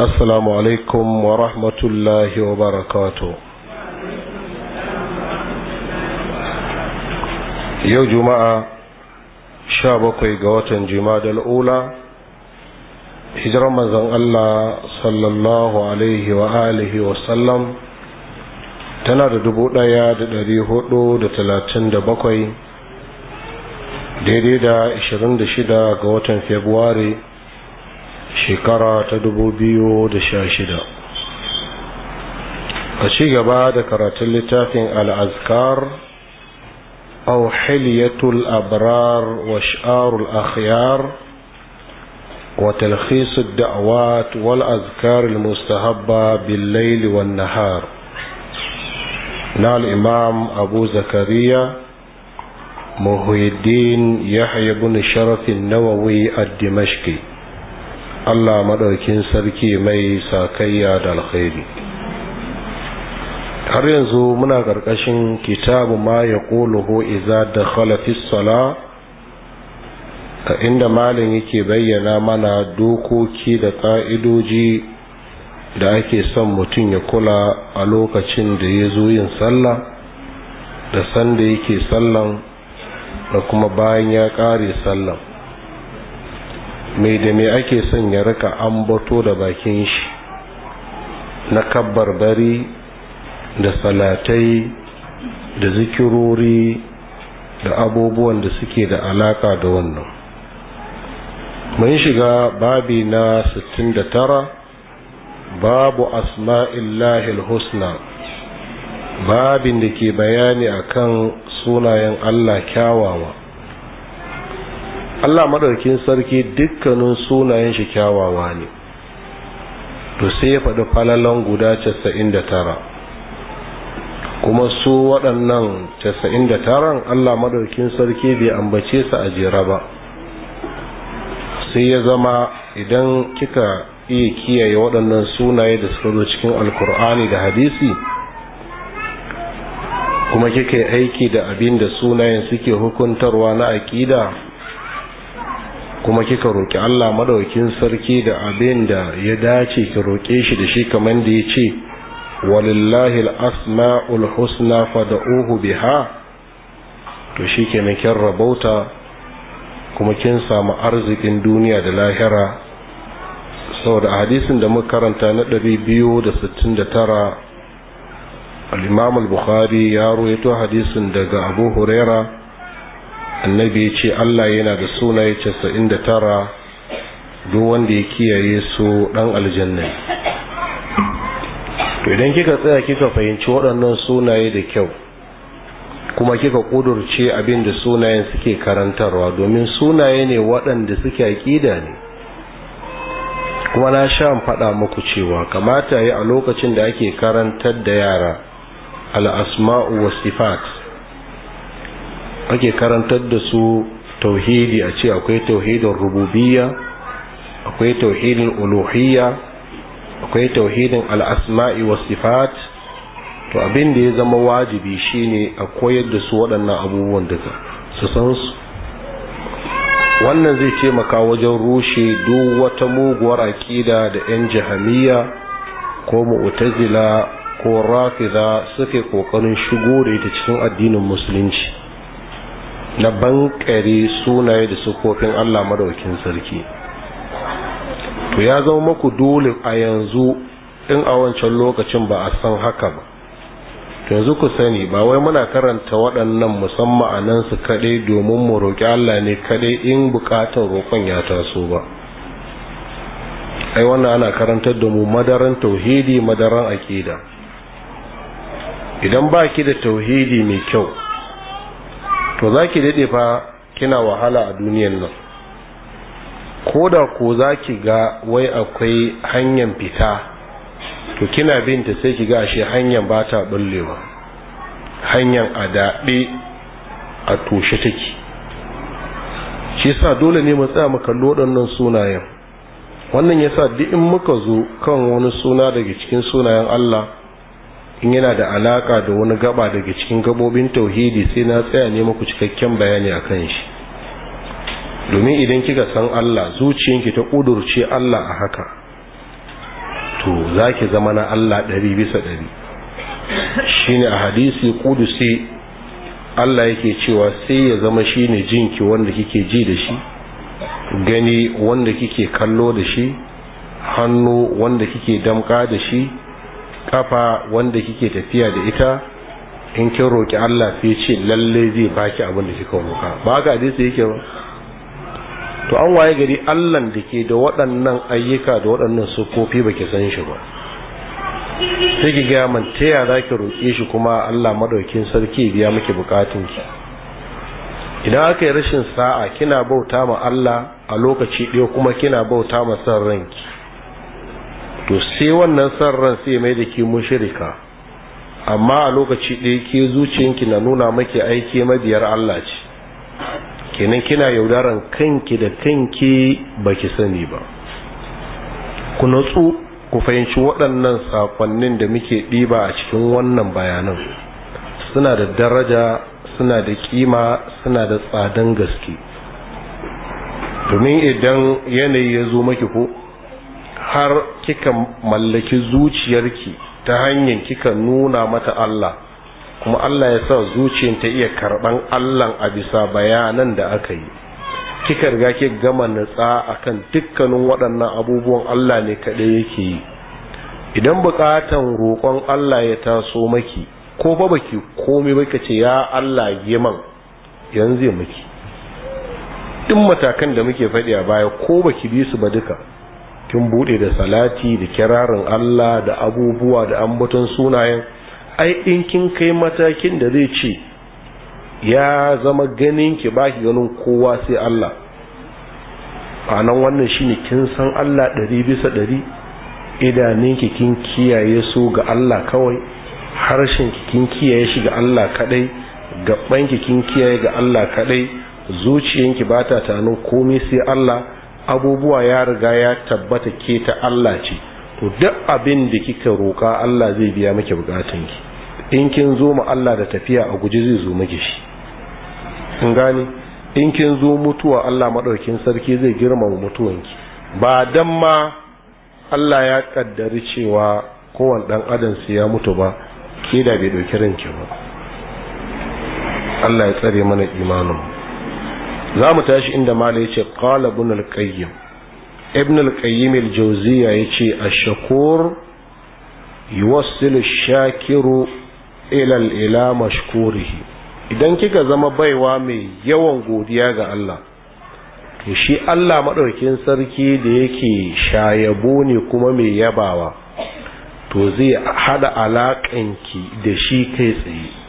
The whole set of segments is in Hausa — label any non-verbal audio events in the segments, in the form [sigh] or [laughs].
السلام عليكم ورحمة الله وبركاته يوم جماعة شابك قوات جماد الأولى هجر مزن الله صلى الله عليه وآله وسلم tana da dubu ɗaya هدو دتلاتن hudu ديدي دا اشرند شدا daidai فيبواري shekara ta dubu biyu da sha shida. a ci gaba da karatun littafin al'azkar au hiliyatul abrar wa sha'arul akhyar wa talkhisud da'awat wal azkar mustahabba bil laili wan nahar na al'imam abu zakariya muhuddin yahya bin sharafin nawawi ad-dimashqi Allah maɗaukin sarki mai sakayya da alkhairi har yanzu muna ƙarƙashin kitabu ma ya ƙuluhu iza da khalafis sala a inda malin yake bayyana mana dokoki da ƙa'idoji da ake son mutum ya kula a lokacin da ya zo yin sallah da sanda yake sallan da kuma bayan ya ƙare sallan mai da mai ake son ya rika an bato da bakin shi na kabbar bari da salatai da zikirori da abubuwan da suke da alaka da wannan mun shiga babi na 69 babu asma'illahil husna babin da ke bayani akan sunayen allah kyawawa Allah madaukin sarki dukkanin sunayen shi kyawawa ne to sai ya faɗi falalan guda casa'in da kuma su waɗannan casa'in da Allah madaukin sarki bai ambace su a jera ba sai ya zama idan kika iya kiyaye waɗannan sunaye da suka zo cikin alkur'ani da hadisi kuma kika yi aiki da abin da sunayen suke hukuntarwa na aƙida kuma kika roƙi Allah madaukin sarki da abin da ya dace ki roƙe shi da shi kamar da ya ce walillahi al-asma'ul husna fad'uhu biha to shikenan kin rabauta kuma kin samu arzikin duniya da lahira saboda hadisin da muka karanta na 269 al-Imam al-Bukhari ya ruwaito hadisin daga Abu Hurairah annabi ya ce allah yana da sunaye casa'in da tara duk wanda ya kiyaye su dan aljanna idan kika tsaya kika fahimci waɗannan sunaye da kyau kuma kika ƙudurce abinda da sunayen suke karantarwa domin sunaye ne waɗanda suke aƙida ne kuma na sha faɗa muku cewa kamata yi a lokacin da ake karantar da yara al'asma'u wa sifat ake karantar da su tauhidi a ce akwai tauhidin rububiyya akwai tauhidin uluhiyya akwai tauhidin al'asma'i wa sifat to abin da ya zama wajibi shine a koyar da su waɗannan abubuwan duka su san su wannan zai taimaka wajen rushe duk wata muguwar aƙida da 'yan jahamiya ko mu'tazila ko rafiza suke ƙoƙarin shigo da ita cikin addinin musulunci na bankare sunaye da sukofin Allah madaukin sarki to ya zama maku dole a yanzu in a wancan lokacin ba a san haka ba to yanzu ku sani ba wai muna karanta waɗannan musamman a nan su kaɗai domin mu roƙi Allah ne kaɗai in buƙatar roƙon ya taso ba ai wannan ana karantar da mu madaran tauhidi madaran aƙida idan baki da tauhidi mai kyau to za ki daɗe fa kina wahala a duniyan nan ko da ko za ki ga wai akwai hanyar fita to kina binta sai ki ga shi hanyar ba ta ɓullewa hanyar a daɗe a toshe take shi sa dole ne mu tsaya mu kalli waɗannan sunayen wannan yasa duk in muka zo kan wani suna daga cikin sunayen Allah in yana da alaka da wani gaba daga cikin gabobin tauhidi sai na tsaya ne muku cikakken bayani a kan shi domin idan kika san Allah zuciyanki ta kudurce Allah a haka to za ki zama na Allah ɗari bisa ɗari Shi ne a hadisi kudusi Allah yake cewa sai ya zama shi shine jinki wanda kike ji da shi gani wanda kike kallo da shi hannu wanda kike damka da shi kafa wanda kike tafiya da ita in kin roki Allah sai ce lalle zai baki abin da kika roka ba haka hadisi yake ba to an waye gari Allah da ke da waɗannan ayyuka da waɗannan sukofi baki san shi ba sai ki ga man taya za ki roke shi kuma Allah madaukin sarki biya miki bukatun ki idan aka yi rashin sa'a kina bauta ma Allah a lokaci ɗaya kuma kina bauta ma san ranki to sai wannan san ran sai mai da ke shirika amma a lokaci ɗaya ke zuciyanki na nuna maki aiki mabiyar Allah ce kenan kina yaudaran kanki da kanki baki sani ba ku natsu ku fahimci waɗannan sakonnin da muke ɗiba a cikin wannan bayanan suna da daraja suna da kima suna da tsadan gaske domin idan yanayi ya zo maki ko har kika mallaki zuciyarki ta hanyar kika nuna mata Allah kuma Allah ya sa zuciyar ta iya karɓan Allah a bisa bayanan da aka yi kika riga ki gama natsa akan dukkanin waɗannan abubuwan Allah ne kaɗai yake yi idan buƙatan roƙon Allah ya taso maki ko ba baki komai baki ce ya Allah yaman yanzu maki duk matakan da muke faɗi a baya ko baki bi su ba duka kin bude da salati da kirarin Allah da abubuwa da ambaton sunayen ai in kin kai matakin da zai ce ya zama ganin ki baki ganin kowa sai Allah anan wannan shine kin san Allah ɗari bisa ɗari ki kin kiyaye su ga Allah kawai harshenki kin kiyaye shi ga Allah kadai ki kin kiyaye ga Allah kadai zuciyanki ba ta tanin komai sai Allah abubuwa ya riga ya tabbata ke ta Allah ce to duk abin da kika roƙa Allah zai biya miki bukatun in kin zo mu Allah da tafiya a guji zai zo miki shi in gani in kin zo mutuwa Allah madaukin sarki zai girmama ki. ba dan ma Allah ya kaddari cewa kowane dan adam sai ya mutu ba ke da bai dauki ranki ba Allah ya tsare mana imanin mu za mu tashi inda mala ya ce qala ibn al-qayyim ibn al-qayyim al-jawziya yace ash-shakur yuwassilu ash-shakiru ila ila mashkurihi idan kika zama baiwa mai yawan godiya ga Allah to shi Allah madaukin sarki da yake shayabo ne kuma mai yabawa to zai hada alakanki da shi kai tsaye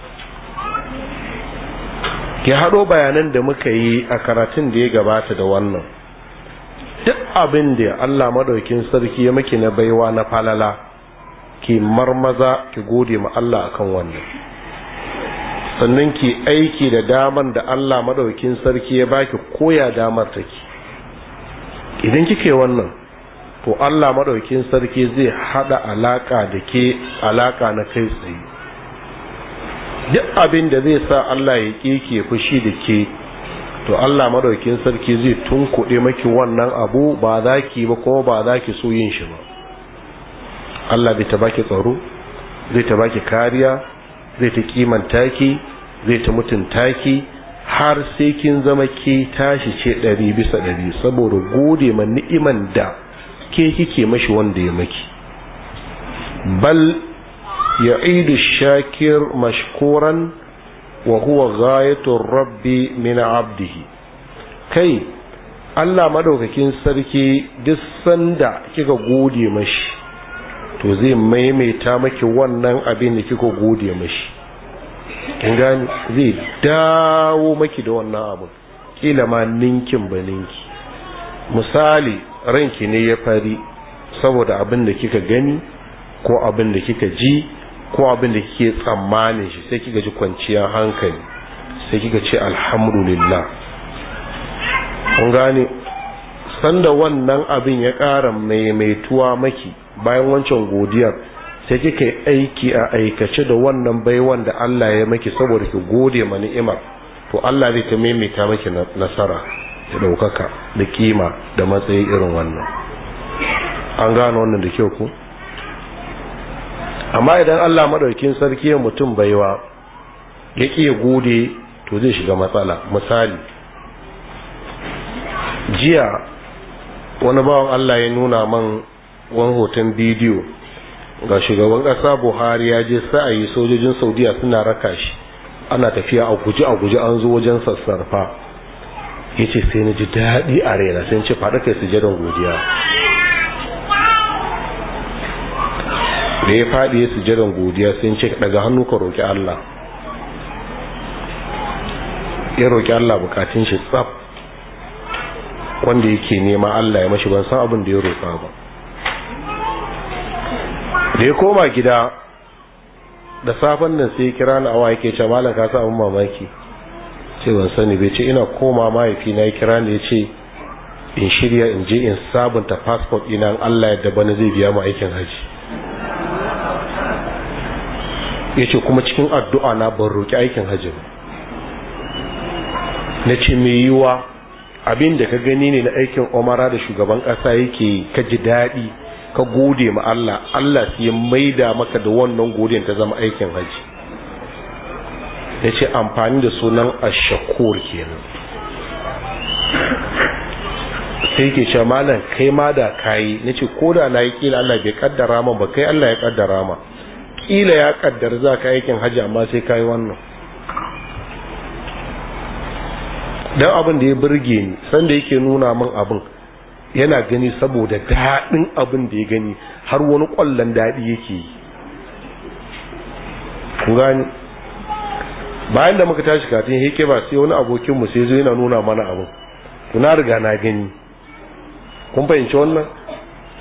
ki haɗo bayanan da muka yi a karatun da ya gabata da wannan duk abin da Allah madaukin sarki ya maki na baiwa na falala ki marmaza ki gode ma Allah akan wannan sannan ki aiki da damar da Allah madaukin sarki ya baki koya damar take idan kike wannan to Allah madaukin sarki zai haɗa alaƙa da ke alaka na kai tsaye duk abin da zai sa Allah ya kike fushi da ke to Allah madaukin sarki zai tunkuɗe maki wannan abu ba za ki ba kuma ba za ki so yin shi ba Allah bai ta baki tsaro zai ta baki kariya zai ta kimanta ki zai ta mutunta ki har sai kin zama ke tashi ce ɗari bisa ɗari saboda gode ma ni'iman da ke kike mashi wanda ya maki bal idu shakir mashkuran wahuwa huwa ghayatul rabbi min abdihi kai Allah madaukakin sarki duk sanda kika gode mashi to zai maimaita maki wannan abin da kika gode mashi kin gani zai dawo maki da wannan abin kila ma ninkin ba ninki misali ranki ne ya fari saboda abin da kika gani ko abin da kika ji ko abin da kike tsammanin shi sai kiga ji kwanciyar hankali sai kiga ce alhamdulillah kun gane sanda wannan abin ya ƙara maimaituwa maki bayan wancan godiyar sai kika yi aiki a aikace da wannan baiwan da Allah ya maki saboda ki gode ma ni'imar to Allah zai ta maimaita maki nasara da ɗaukaka da kima da matsayi irin wannan an gane wannan da kyau ko amma idan Allah maɗaukin sarki ya mutum baiwa ya ƙi gode to zai shiga matsala misali jiya wani bawan Allah ya nuna man wan hoton bidiyo ga shugaban ƙasa buhari ya je sa'ayi sojojin saudiya suna raka shi ana tafiya a guji a guji an zo wajen sassarfa ya ce sai na ji daɗi a raina sai ce faɗa kai sujadan godiya da ya faɗi ya sujadan godiya sai ce daga hannu ka roƙi Allah ya roƙi Allah bukatun shi tsaf wanda yake nema Allah ya mashi ban san abin da ya roƙa ba da ya koma gida da safen nan sai kira ni awa yake ce malam ka samu mamaki ce ban sani bai ce ina koma mahaifi na kira ni ya ce in shirya in je in sabunta passport ina Allah yadda bana zai biya mu aikin haji ya ce kuma cikin addu'a na ban roƙi aikin hajji na ce mai yiwa abin da ka gani ne na aikin omara da shugaban ƙasa yake ka ji daɗi ka gode ma Allah Allah su maida maka da wannan goden ta zama aikin hajji ya ce amfani da sunan ashakur kenan sai ke ce kai ma da kayi na ce ko da na yi kila Allah bai kaddara ma ba kai Allah ya kaddara ma kila ya kaddar za ka aikin hajji amma sai ka yi wannan don abin da ya burge ni sanda yake nuna min abin yana gani saboda daɗin abin da ya gani har wani ƙwallon daɗi yake yi gani bayan da muka tashi katin heke ba sai wani abokinmu sai zo yana nuna mana abin kuna riga na gani kun fahimci wannan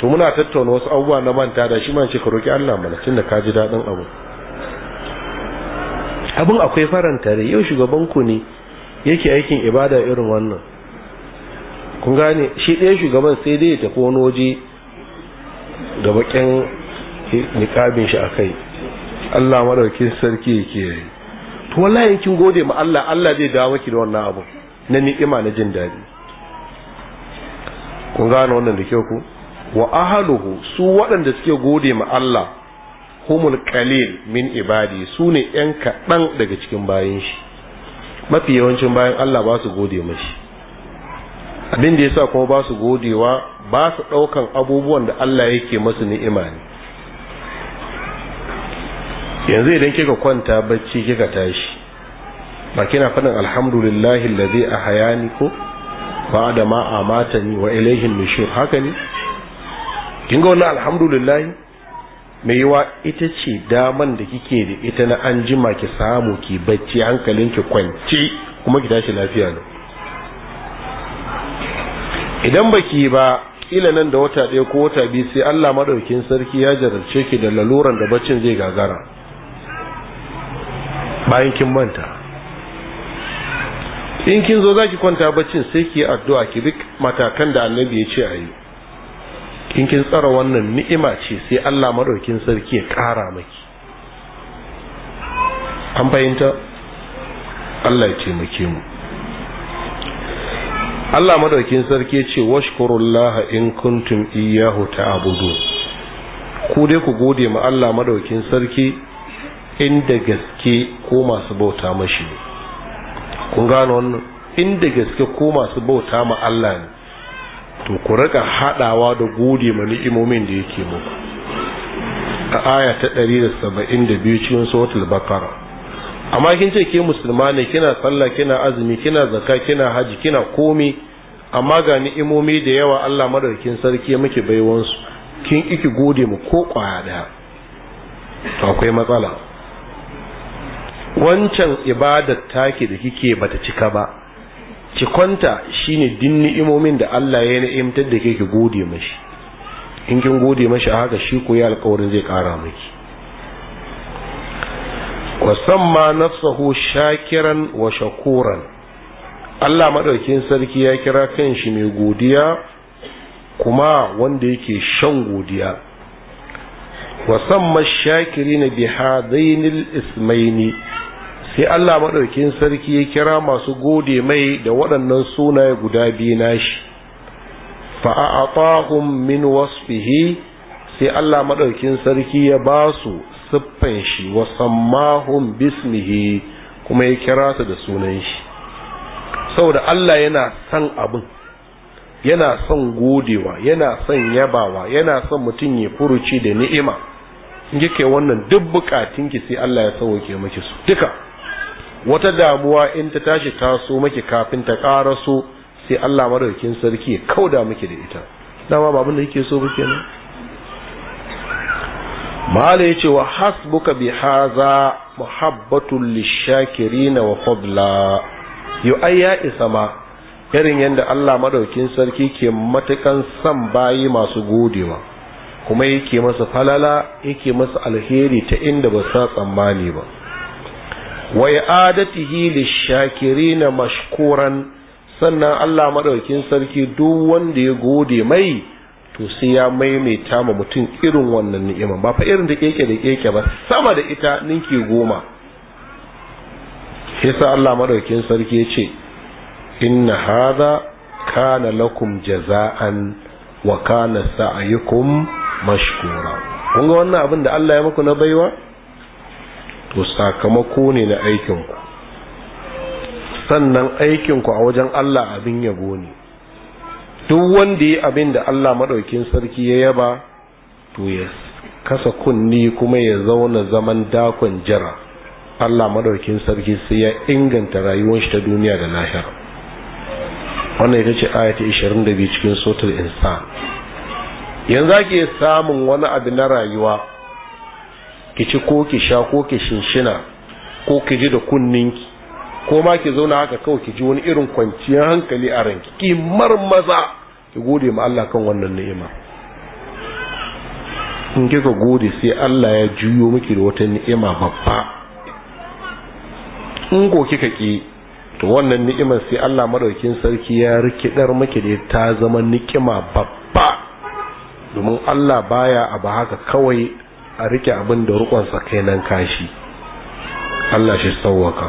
to muna tattauna wasu abubuwa na manta da shi man ce ka roƙi Allah mana tunda ka ji daɗin abu abin akwai faran tare yau shugaban ku ne yake aikin ibada irin wannan kun gane shi ɗaya shugaban sai dai ya tafi wani waje da bakin niƙabin shi a kai Allah madaukin sarki yake yi to wallahi kin gode ma Allah Allah zai dawo miki da wannan abu na ni'ima na jin daɗi kun gane wannan da kyau ku wa ahaluhu su waɗanda suke gode ma Allah humul qalil min ibadi su ne yan kaɗan daga cikin bayan shi mafi yawancin bayan Allah ba su gode mashi abin da yasa kuma ba su godewa ba su ɗaukan abubuwan da Allah yake masu ni'ima ne yanzu idan kika kwanta bacci kika tashi ba kina faɗin alhamdulillahi allazi hayani ko ba da ma amatani wa ilaihin nushur haka ne kin ga wannan alhamdulillah me yiwa ita ce daman da kike da ita na an jima ki samu ki bacci hankalin ki kwance kuma ki tashi lafiya ne idan baki ba ila nan da wata ɗaya ko wata biyu sai Allah madaukin sarki ya jarabce ki da laluran da baccin zai gagara bayan kin manta in kin zo zaki kwanta baccin sai ki yi addu'a ki bi matakan da annabi ya ce a yi kin kin tsara wannan ni'ima ce sai Allah madaukin sarki ya kara maki an fahimta Allah ya taimake mu Allah madaukin sarki ya ce washkurullaha in kuntum iyyahu ta'budu ku dai ku gode ma Allah madaukin sarki inda gaske ko masu bauta mashi kun gano wannan inda gaske ko masu bauta ma Allah ne to ku rika hadawa da gode ma ni'imomin da yake muku a aya ta 172 cikin suratul baqara amma kin ce ke musulma ne kina sallah kina azumi kina zakka kina haji kina komi amma ga ni'imomi da yawa Allah madaukin sarki muke baiwan su kin iki gode mu ko kwaya daya to akwai matsala wancan ibadar take da kike bata cika ba Cikonta kwanta shine din ni'imomin da Allah ya ni'imtar da ke gode mashi in kin gode mashi a haka shi ko ya alƙawarin zai ƙara miki wasamma nafsahu shakiran wa shakuran Allah madaukin sarki ya kira kan shi mai godiya kuma wanda yake shan godiya wasamma shakirina bi hadainil ismaini sai Allah maɗaukin sarki ya kira masu gode mai da waɗannan sunaye guda biyu nashi Fa fa'a'atahum min wasfihi sai Allah maɗaukin sarki ya ba su siffan shi wa sammahum bismihi kuma ya kira su da sunan shi saboda Allah yana san abin yana son godewa yana son yabawa yana son mutum ya furuci da ni'ima in yake wannan duk bukatunki sai Allah ya sauke miki su duka wata damuwa in ta tashi taso maki kafin ta karaso sai Allah Madaukin sarki kauda miki da ita dama ba abin da yake so ba kenan mala yace wa hasbuka bi haza muhabbatul lishakirin wa fadla yu ayya isama irin yadda Allah madaukin sarki ke matakan san bayi masu godewa kuma yake masa falala yake masa alheri ta inda ba sa tsammani ba wa shakiri na mashkuran sannan Allah maɗaukin sarki duk wanda ya gode mai to sai ya maimaita ma mutum irin wannan ni'ima ba fa irin da keke da keke ba sama da ita ninki goma yasa Allah maɗaukin sarki ya ce inna hadha kana lakum jaza'an wa kana sa'yukum mashkura kun ga wannan abin da Allah ya muku na baiwa to sakamako ne na aikinku sannan aikinku a wajen Allah abin yabo ne duk wanda yi abin da Allah maɗaukin sarki ya yaba to ya kasa kunni kuma ya zauna zaman dakon jira Allah maɗaukin sarki sai ya inganta rayuwar shi ta duniya da lahira wannan ita ce ayata 22 cikin sotar insa yanzu ake samun wani abu na rayuwa ki ci ko ki sha ko ki shinshina ko ki ji da kunninki ko ma ki zauna haka kawai ki ji wani irin kwanciyar hankali a ranki ki marmaza ki gode ma Allah kan wannan ni'ima in kika gode sai Allah ya juyo miki da wata ni'ima babba in ko kika ki to wannan ni'imar sai Allah madaukin sarki ya rikidar miki da ta zama ni'ima babba domin Allah baya abu haka kawai a rike abin da rukonsa kai nan kashi Allah shi sauwaka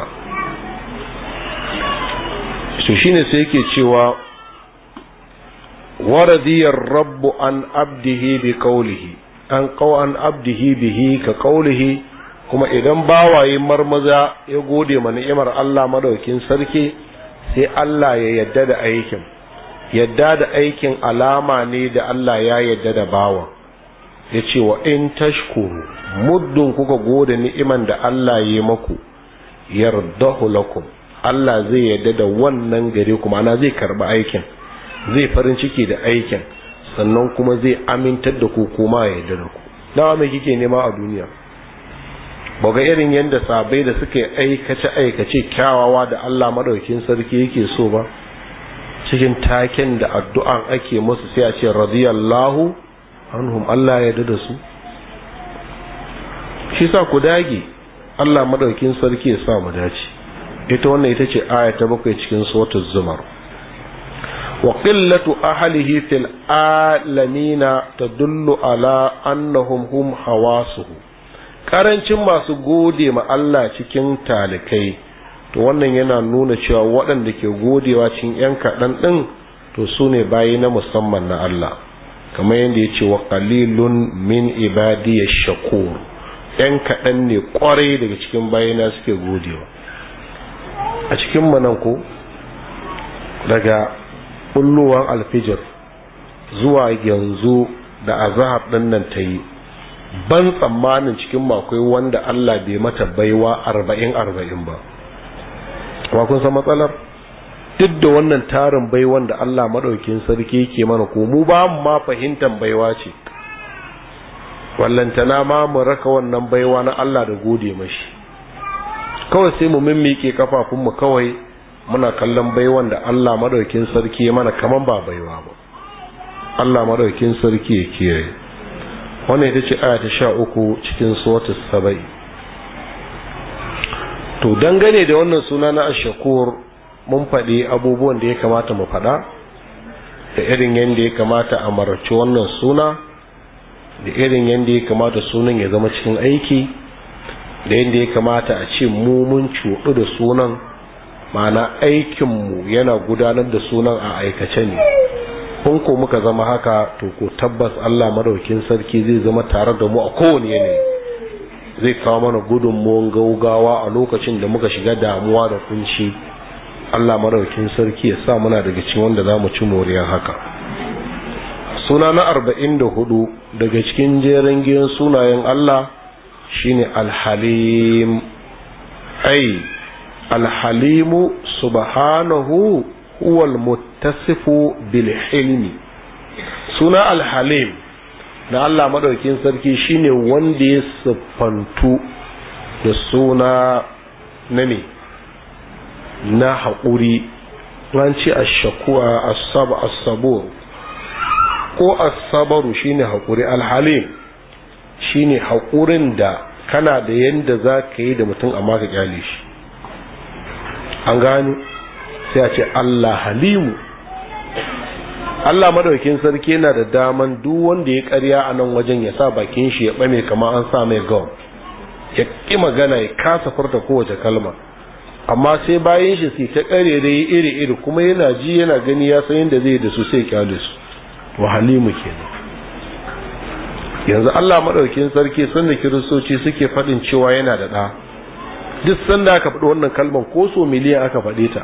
su shine sai yake cewa waradiyar rabbu an abdihi bi kaulihi an kau an abdihi bihi ka kaulihi kuma idan bawaye marmaza ya gode ma ni'imar Allah madaukin sarki sai Allah ya yadda da aikin yadda da aikin alama ne da Allah ya yadda da bawan ya ce wa in tashkuru muddin kuka gode ni'iman da Allah ya maku yardahu lakum Allah zai yarda da wannan gare ku ana zai karba aikin zai farin ciki da aikin sannan kuma zai amintar da ku kuma ya yarda da ku dawa mai kike nema a duniya ba ga irin yadda sabai da suka aikace aikace kyawawa da Allah madaukin sarki yake so ba cikin taken da addu'an ake musu sai a ce radiyallahu anhum Allah ya da su shi sa ku dage Allah madaukin sarki ya sa mu dace ita wannan ita ce aya ta bakwai cikin suratul zumar wa qillatu ahlihi fil alamina tadullu ala annahum hum hawasuhu karancin masu gode ma Allah cikin talikai to wannan yana nuna cewa waɗanda ke godewa cikin 'yan kaɗan ɗin to su ne bayi na musamman na Allah kamar yadda ya ce wa ƙalilun min ibadiyash shakur ɗan kaɗan ne ƙwarai daga cikin bayyana suke godewa a cikin manan ko daga bulluwan alfijir zuwa yanzu da azahar ɗin nan ta yi ban tsammanin cikin makwai wanda Allah bai mata baiwa arba'in arba'in ba. Wa kun san matsalar? duk da wannan tarin baiwan da Allah madaukin sarki yake mana ko mu ba mu ma fahimtar baiwa ce wallantana ma mu raka wannan baiwa na Allah da gode mashi kawai sai mu mimmike kafafunmu kawai muna kallon baiwan da Allah madaukin sarki mana kaman ba baiwa ba Allah madaukin sarki ya kiyaye wannan ita ce aya ta sha uku cikin suratul sabai to dangane da wannan suna na ashakur mun faɗi abubuwan da ya kamata mu faɗa da irin yadda ya kamata a marci wannan suna da irin yadda ya kamata sunan ya zama cikin aiki da yadda ya kamata a ce mu mun cuɗu da sunan ma'ana aikinmu yana gudanar da sunan a aikace ne kun ko muka zama haka to ko tabbas Allah madaukin sarki zai zama tare da mu a kowane yanayi zai kawo mana gudunmuwan gaugawa a lokacin da muka shiga damuwa da kunci Allah maraukin sarki ya sa muna daga cikin wanda za mu ci moriyar haka suna na arba'in da hudu daga cikin jerin giyan sunayen Allah shine alhalim alhalimu subhanahu huwal muttasifu Bilhilmi. suna alhalim da Allah madaukin sarki shine wanda ya siffantu da suna na ne na haƙuri an ce ashakuwa asaba ko asabaru shine haƙuri shi shine haƙurin da kana da yadda za ka yi da mutum amma ka gyale shi an gani sai a ce Allah halimu Allah madaukin sarki yana da daman duk wanda ya karya a nan wajen ya sa bakin shi ya ɓame kama an sa mai gawa ya ƙi magana ya kasa furta kowace kalma amma sai bayan shi sai ta karerai iri iri kuma yana ji yana gani ya san yadda zai da su sai kyale su wa halimu kenan yanzu Allah madaukin sarki sanda kiristoci suke fadin cewa yana da da duk sanda aka faɗi wannan kalmar ko so miliyan aka faɗe ta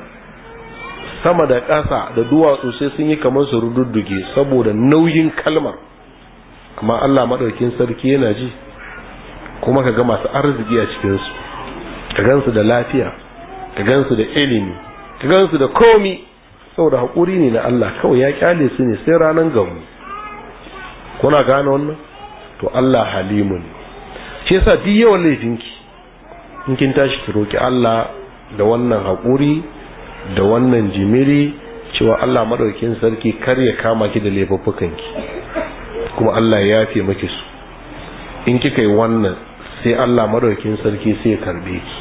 sama da ƙasa da duwatsu sai sun yi kamar su rududduge saboda nauyin kalmar amma Allah madaukin sarki yana ji kuma ka ga masu arziki a cikinsu ka gansu da lafiya ka gansu da ilimi ka gansu da komi saboda haƙuri ne na Allah kawai ya kyale su ne sai ranar gamu kuna gane wannan to Allah halimun shi yasa duk yawan laifinki in kin tashi ki roki Allah da wannan haƙuri da wannan jimiri cewa Allah maɗaukin sarki kar ya kama ki da ki? kuma Allah ya yafe maki su in kika yi wannan sai Allah maɗaukin sarki sai ya karbe ki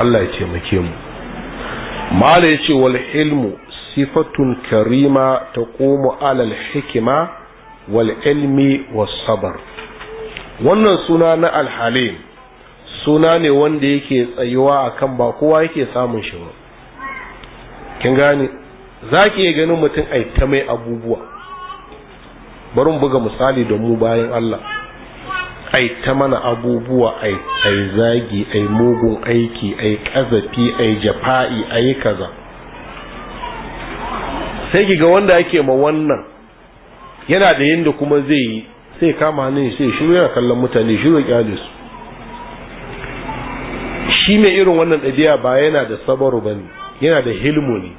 Allah ya taimake mu mala ya ce wal ilmu sifatun karima ta komo alal hikima wal ilmi was sabar wannan suna na alhalim suna ne wanda yake tsayuwa akan ba kowa yake samun shi ba kin gane za ki iya ganin mutum ai ta mai abubuwa barin buga misali da mu bayan Allah ai ta mana abubuwa ai ai zagi ai mugun aiki ai kazafi ai jafa'i ai kaza sai kiga wanda ake ma wannan yana da yadda kuma zai yi sai kama hannun sai shiru yana kallon mutane shiru kyale su shi mai irin wannan ɗabi'a ba yana da sabaru ne, yana da hilmu ne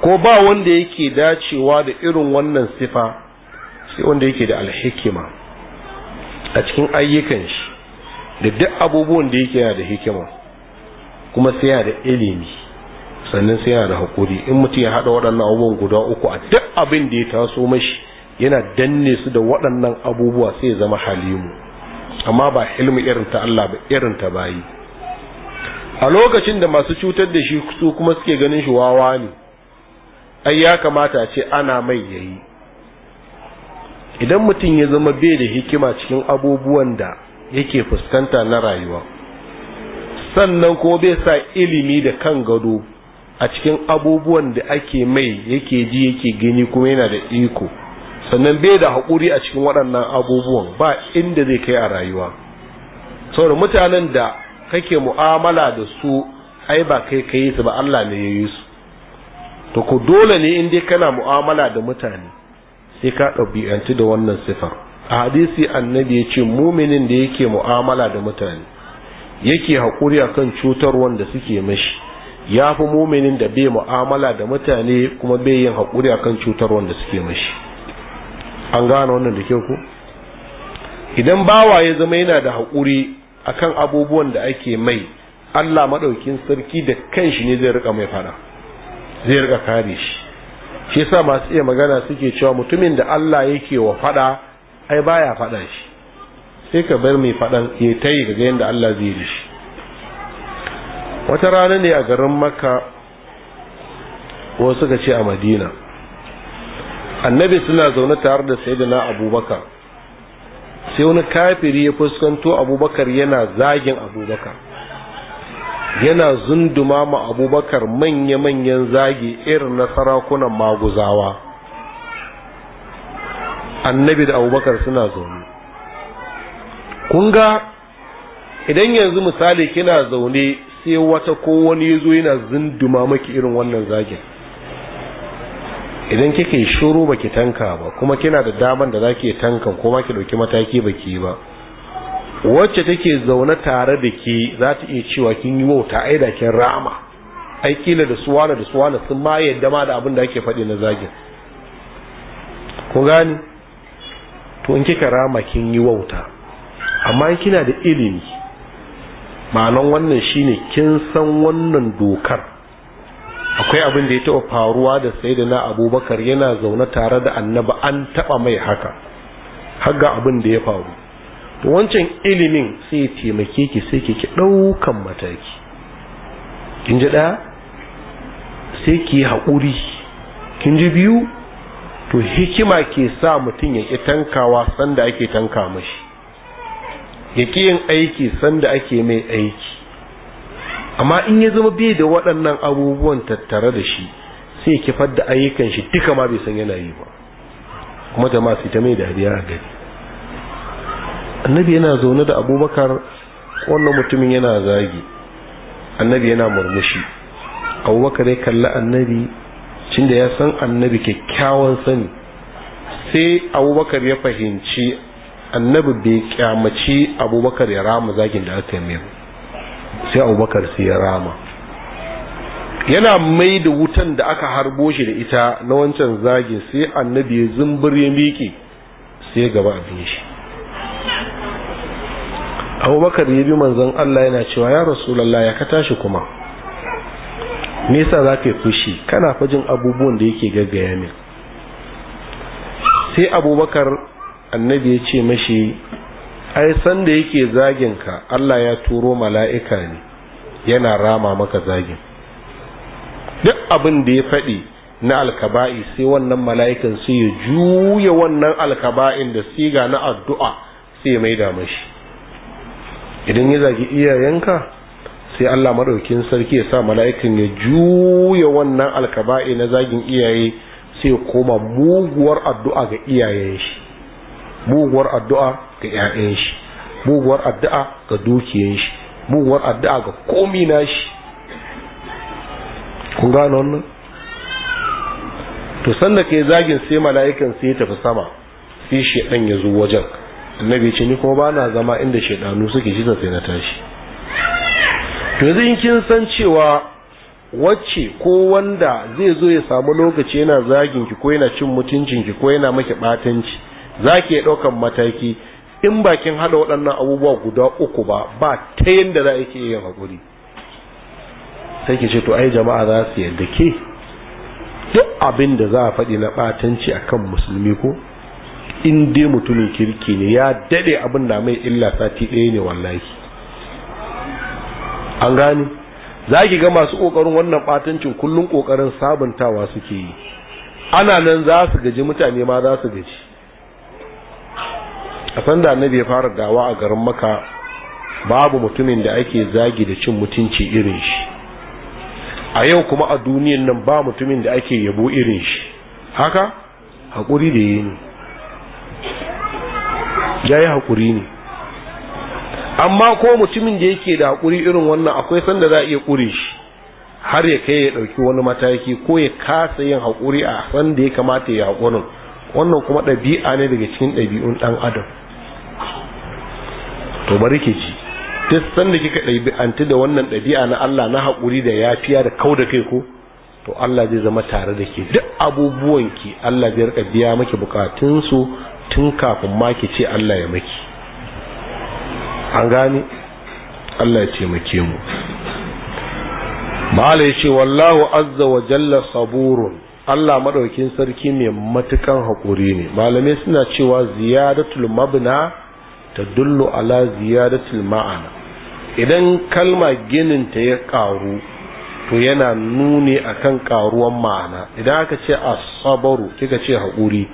ko ba wanda yake dacewa da irin wannan sifa sai wanda yake da alhikima a cikin ayyukan shi da duk abubuwan da yake yana da hikima kuma sai yana da ilimi sannan sai yana da hakuri in mutum ya haɗa waɗannan abubuwan guda uku a duk abin da ya taso mashi yana danne su da waɗannan abubuwa sai ya zama halimu amma ba ilmi irin ta Allah ba irin ta bayi a lokacin da masu cutar da shi su kuma suke ganin shi wawa ne ai ya kamata a ce ana mai yayi idan mutum ya zama bai da hikima cikin abubuwan da yake fuskanta na rayuwa sannan ko bai sa ilimi da kan gado a cikin abubuwan da ake mai yake ji yake gani kuma yana da iko sannan bai da haƙuri a cikin waɗannan abubuwan ba inda zai kai a rayuwa saboda mutanen da kake mu'amala da su ai ba kai ka yi su ba Allah ne ya yi su to ku dole ne in dai kana mu'amala da mutane sai ka ɗabi'antu da wannan sifar a hadisi annabi ya ce muminin da yake mu'amala da mutane yake haƙuri akan cutar wanda suke mashi ya fi muminin da bai mu'amala da mutane kuma bai yin haƙuri akan cutar wanda suke mashi an gane wannan da kyau ku idan bawa ya zama yana da haƙuri akan abubuwan da ake mai Allah maɗaukin sarki da kanshi ne zai rika mai fada zai rika kare shi shi yasa masu iya magana suke cewa mutumin da Allah yake wa fada ai baya fada shi sai ka bar mai fadan ya ta yi ga yadda Allah zai yi shi wata rana ne a garin makka wasu suka ce a madina annabi suna zaune tare da sayyidina abubakar sai wani kafiri ya fuskanto abubakar yana zagin abubakar yana zunduma ma abubakar manya-manyan zagi irin na sarakunan maguzawa annabi da abubakar suna zaune Kunga idan yanzu misali kina zaune sai wata ko wani ya zo yana zunduma maki irin wannan zagin idan kike yi shuru baki tanka ba kuma kina da daman da zaki tankan ko ki dauki mataki baki ba wacce take zaune tare da ke za ta iya cewa kin yi wauta ai da kin rama ai kila da suwana da suwana sun ma yadda ma da abin da ake faɗi na zagin ku gani to in kika rama kin yi wauta amma kina da ilimi ma'anan wannan shine kin san wannan dokar akwai abin da ya taɓa faruwa da na abubakar yana zaune tare da annaba an taɓa mai haka har ga abin da ya faru wancan ilimin sai ya taimake ki sai ki ki ɗaukan mataki kin ji ɗaya sai ki haƙuri kin ji biyu to hikima ke sa mutum ya ƙi tankawa sanda ake tanka mashi ya ƙi yin aiki sanda ake mai aiki amma in ya zama bai da waɗannan abubuwan tattare da shi sai ya kifar ayyukan shi duka ma bai san yana yi ba kuma jama'a su ta mai dariya a gari annabi yana zaune da abubakar wannan mutumin yana zagi annabi yana murmushi abubakar ya kalli annabi cinda ya san annabi kyakkyawan sani sai abubakar ya fahimci annabi bai kyamaci abubakar ya rama zagin da aka yi sai abubakar sai ya rama yana mai da wutan da aka harbo shi da ita na wancan zagin sai annabi ya zumbir ya miƙe sai gaba abin shi abubakar ya bi manzon Allah yana cewa ya rasulullah ya ka tashi kuma nisa za ka yi fushi kana fajin abubuwan da yake gaggaya min sai abubakar annabi ya ce mashi ai san da yake zagin ka Allah ya turo mala'ika ne yana rama maka zagin duk abin da ya faɗi na alkaba'i sai wannan mala'ikan sai ya juya wannan alkaba'in da siga na addu'a sai ya maida mashi idan ya zagi iyayenka sai Allah madaukin sarki ya sa mala'ikan ya juya wannan alkaba'i na zagin iyaye sai ya koma muguwar addu'a ga iyayen shi muguwar addu'a ga ƴaƴan shi muguwar addu'a ga dukiyan shi muguwar addu'a ga komi na shi kun gane wannan to sanda kai zagin sai mala'ikan sai ya tafi sama sai shedan ya zo wajen annabi ce ni ko ba na zama inda shaidanu suke shi sai na tashi to yanzu in kin san cewa wacce ko wanda zai zo ya samu lokaci yana zagin ki ko yana cin mutuncin ki ko yana maki batanci zaki ya daukan mataki in bakin hada waɗannan abubuwa guda uku ba ba ta yanda za a yi yin hakuri sai ki ce to ai jama'a za su yadda ke duk abin da za a faɗi na batanci akan musulmi ko in dai mutumin kirki ne ya dade abin da mai illa sati ɗaya ne wallahi an gane za ki ga masu ƙoƙarin wannan ɓatancin kullum ƙoƙarin sabuntawa suke yi ana nan za su gaji mutane ma za su gaji a sanda annabi ya fara dawa a garin maka babu mutumin da ake zagi da cin mutunci irin shi a yau kuma a duniyan nan ba mutumin da ake yabo irin shi haka haƙuri da yi ne ya yi haƙuri ne amma ko mutumin da yake da haƙuri irin wannan akwai sanda za a iya ƙure shi har ya kai ya ɗauki wani mataki ko ya kasa yin haƙuri a sanda ya kamata ya haƙurin wannan kuma ɗabi'a ne daga cikin ɗabi'un ɗan adam to bari ke ci sanda kika ɗabi'anti da wannan ɗabi'a na Allah na haƙuri da yafiya da kau da kai ko to Allah zai zama tare da ke duk abubuwan ki Allah zai rika biya maki bukatun su tun kafin ma ce Allah ya maki an gane Allah ya taimake mu mala ya ce wallahu azza wa jalla saburun Allah maɗaukin sarki mai matukan haƙuri ne malamai suna cewa ziyadatul mabna ta ala ziyadatul ma'ana idan kalma ginin ta ya ƙaru to yana nuni akan ƙaruwan ma'ana idan aka ce asabaru kika ce haƙuri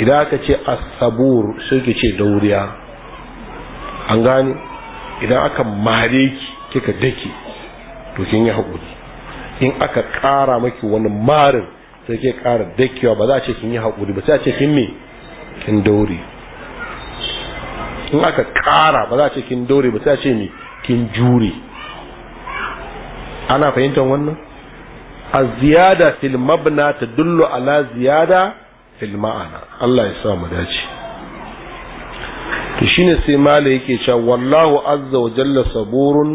idan aka ce asabur sai ki ce dauriya an gane idan aka mare ki kika dake to kin yi haƙuri in aka ƙara maki wani marin sai ke ƙara dakewa ba za a ce kin yi haƙuri ba sai a ce kin me kin daure in aka ƙara ba za a ce kin daure ba sai a ce me kin jure ana fahimtar wannan a ziyada fil mabna ta dullo ala ziyada fil ma'ana Allah ya sa mu dace to shine sai mala yake cewa wallahu azza wa jalla saburun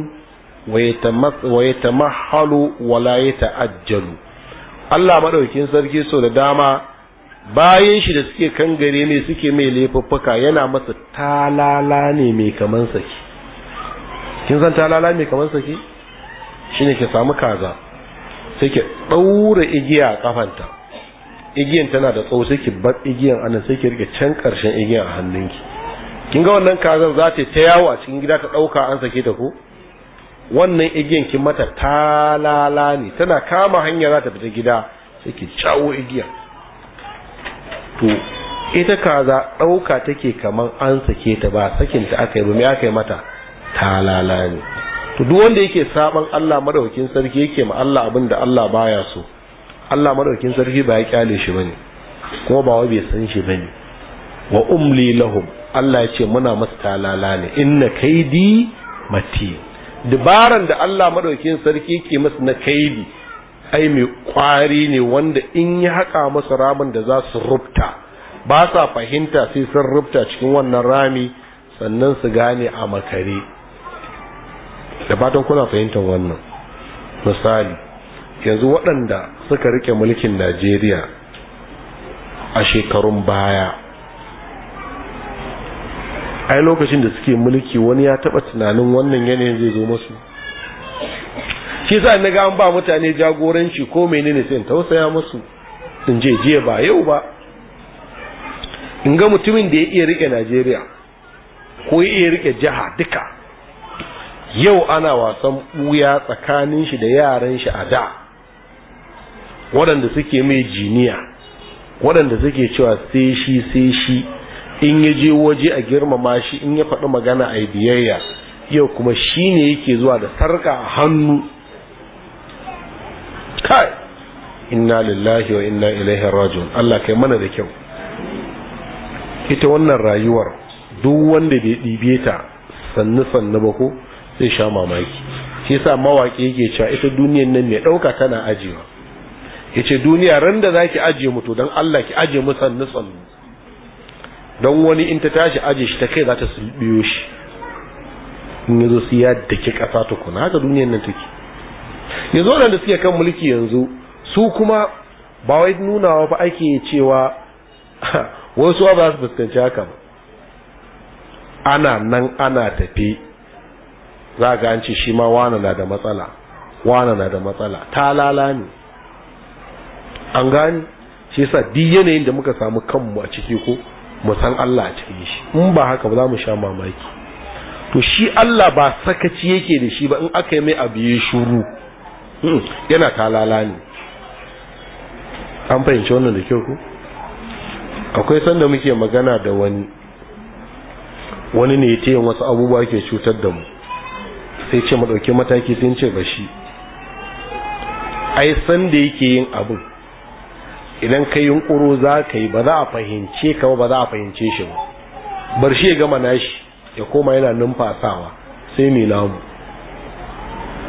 wa yatamahhalu wa la yata'ajjalu Allah madaukin sarki so da dama bayan shi da suke kangare ne suke mai laifuffuka yana masa talala ne mai kaman saki kin san talala mai kaman saki shine ke samu kaza sai ke daura igiya a kafanta igiyan tana da tsawo sai ki bar igiyan anan sai ki rike can karshen igiyan a hannunki kin ga wannan kazan za ta ta yawo a cikin gida ta dauka an sake ta ko wannan igiyan ki mata talala ne tana kama hanya za ta fita gida sai ki cawo igiyan to ita kaza dauka take kaman an sake ta ba sakin ta aka yi ba me aka yi mata talala ne to duk wanda yake saban Allah madaukakin sarki yake ma Allah abin da Allah baya so Allah madaukin sarki ba ya kyale shi bane kuma ba wai bai san shi bane wa umli lahum Allah ya ce muna masa talala ne inna kaidi mati Dubaran da Allah madaukin sarki ke masa na kaidi ai mai kwari ne wanda in ya haƙa masa ramin da za su rubta ba sa fahimta sai sun rubta cikin wannan rami sannan su gane a makare da fatan kuna fahimtar wannan misali yanzu waɗanda suka rike mulkin najeriya a shekarun baya ai lokacin da suke mulki wani ya taɓa tunanin wannan yanayin zai zo masu shi sa na ga an ba mutane jagoranci ko menene sai in tausaya masu in je jiya ba yau ba in ga mutumin da ya iya rike najeriya ko ya iya rike jiha duka yau ana wasan ɓuya tsakanin shi da yaran shi a da waɗanda suke mai jiniya waɗanda suke cewa sai shi sai shi in ya je waje a girmama shi in ya faɗi magana a biyayya yau kuma shi ne yake zuwa da sarka a hannu kai inna lillahi wa inna ilaihi rajiun Allah kai mana da kyau ita wannan rayuwar duk wanda bai ɗibe ta sannu sannu ba ko zai sha mamaki shi yasa mawaƙi yake cewa ita duniyar nan mai ɗauka tana ajiyewa yace duniya ran da zaki aje mu to dan Allah ki ajiye mu sannu sannu dan wani in ta tashi aje shi ta kai za ta sulbiyo shi in yazo sai ya dake kasa ta kuna haka duniyar nan take nan da suke kan mulki yanzu su kuma ba wai nunawa fa ake cewa [laughs] wasu ba su fuskanci haka ba ana nan ana tafi za ga an ce shi ma wana na da matsala wana na da matsala ta lala ne an gani shi yasa duk yanayin da muka samu kanmu a ciki ko mu san Allah a cikin shi in ba haka ba za mu sha mamaki to shi Allah ba sakaci yake da shi ba in aka yi mai abu ya shuru hmm, yana talala ne an fahimci wannan da kyau ko akwai sanda muke magana da wani wani ne ya ce wasu abubuwa ke cutar da mu sai ce mu mataki sun ce ba shi ai sanda yake yin abin idan ka yi yunkuro za ka yi ba za a fahimce ka ba za a fahimce shi ba bar shi ya gama nashi ya koma yana numfasawa sai mai namu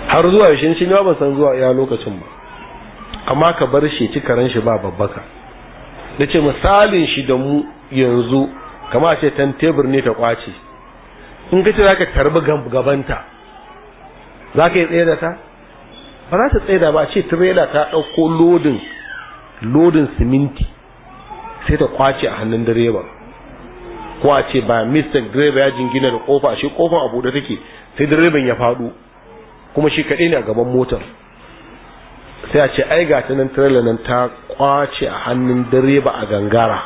har zuwa yaushe shi ba san zuwa ya lokacin ba amma ka bar shi ci karen shi ba babbaka da ce misalin shi da mu yanzu kama ce tan tebur ne ta kwace in ka ce za ka tarbi gabanta za ka yi tsaye da ta ba za ta tsaye da ba ce tirela ta ɗauko lodin lodin siminti sai ta kwace a hannun direban ko a ce ba mr direba ya jingina da kofa shi kofar a buɗe take sai direban ya faɗo kuma shi kaɗai ne a gaban motar sai a ce ai ga ta nan trailer nan ta kwace a hannun direba a gangara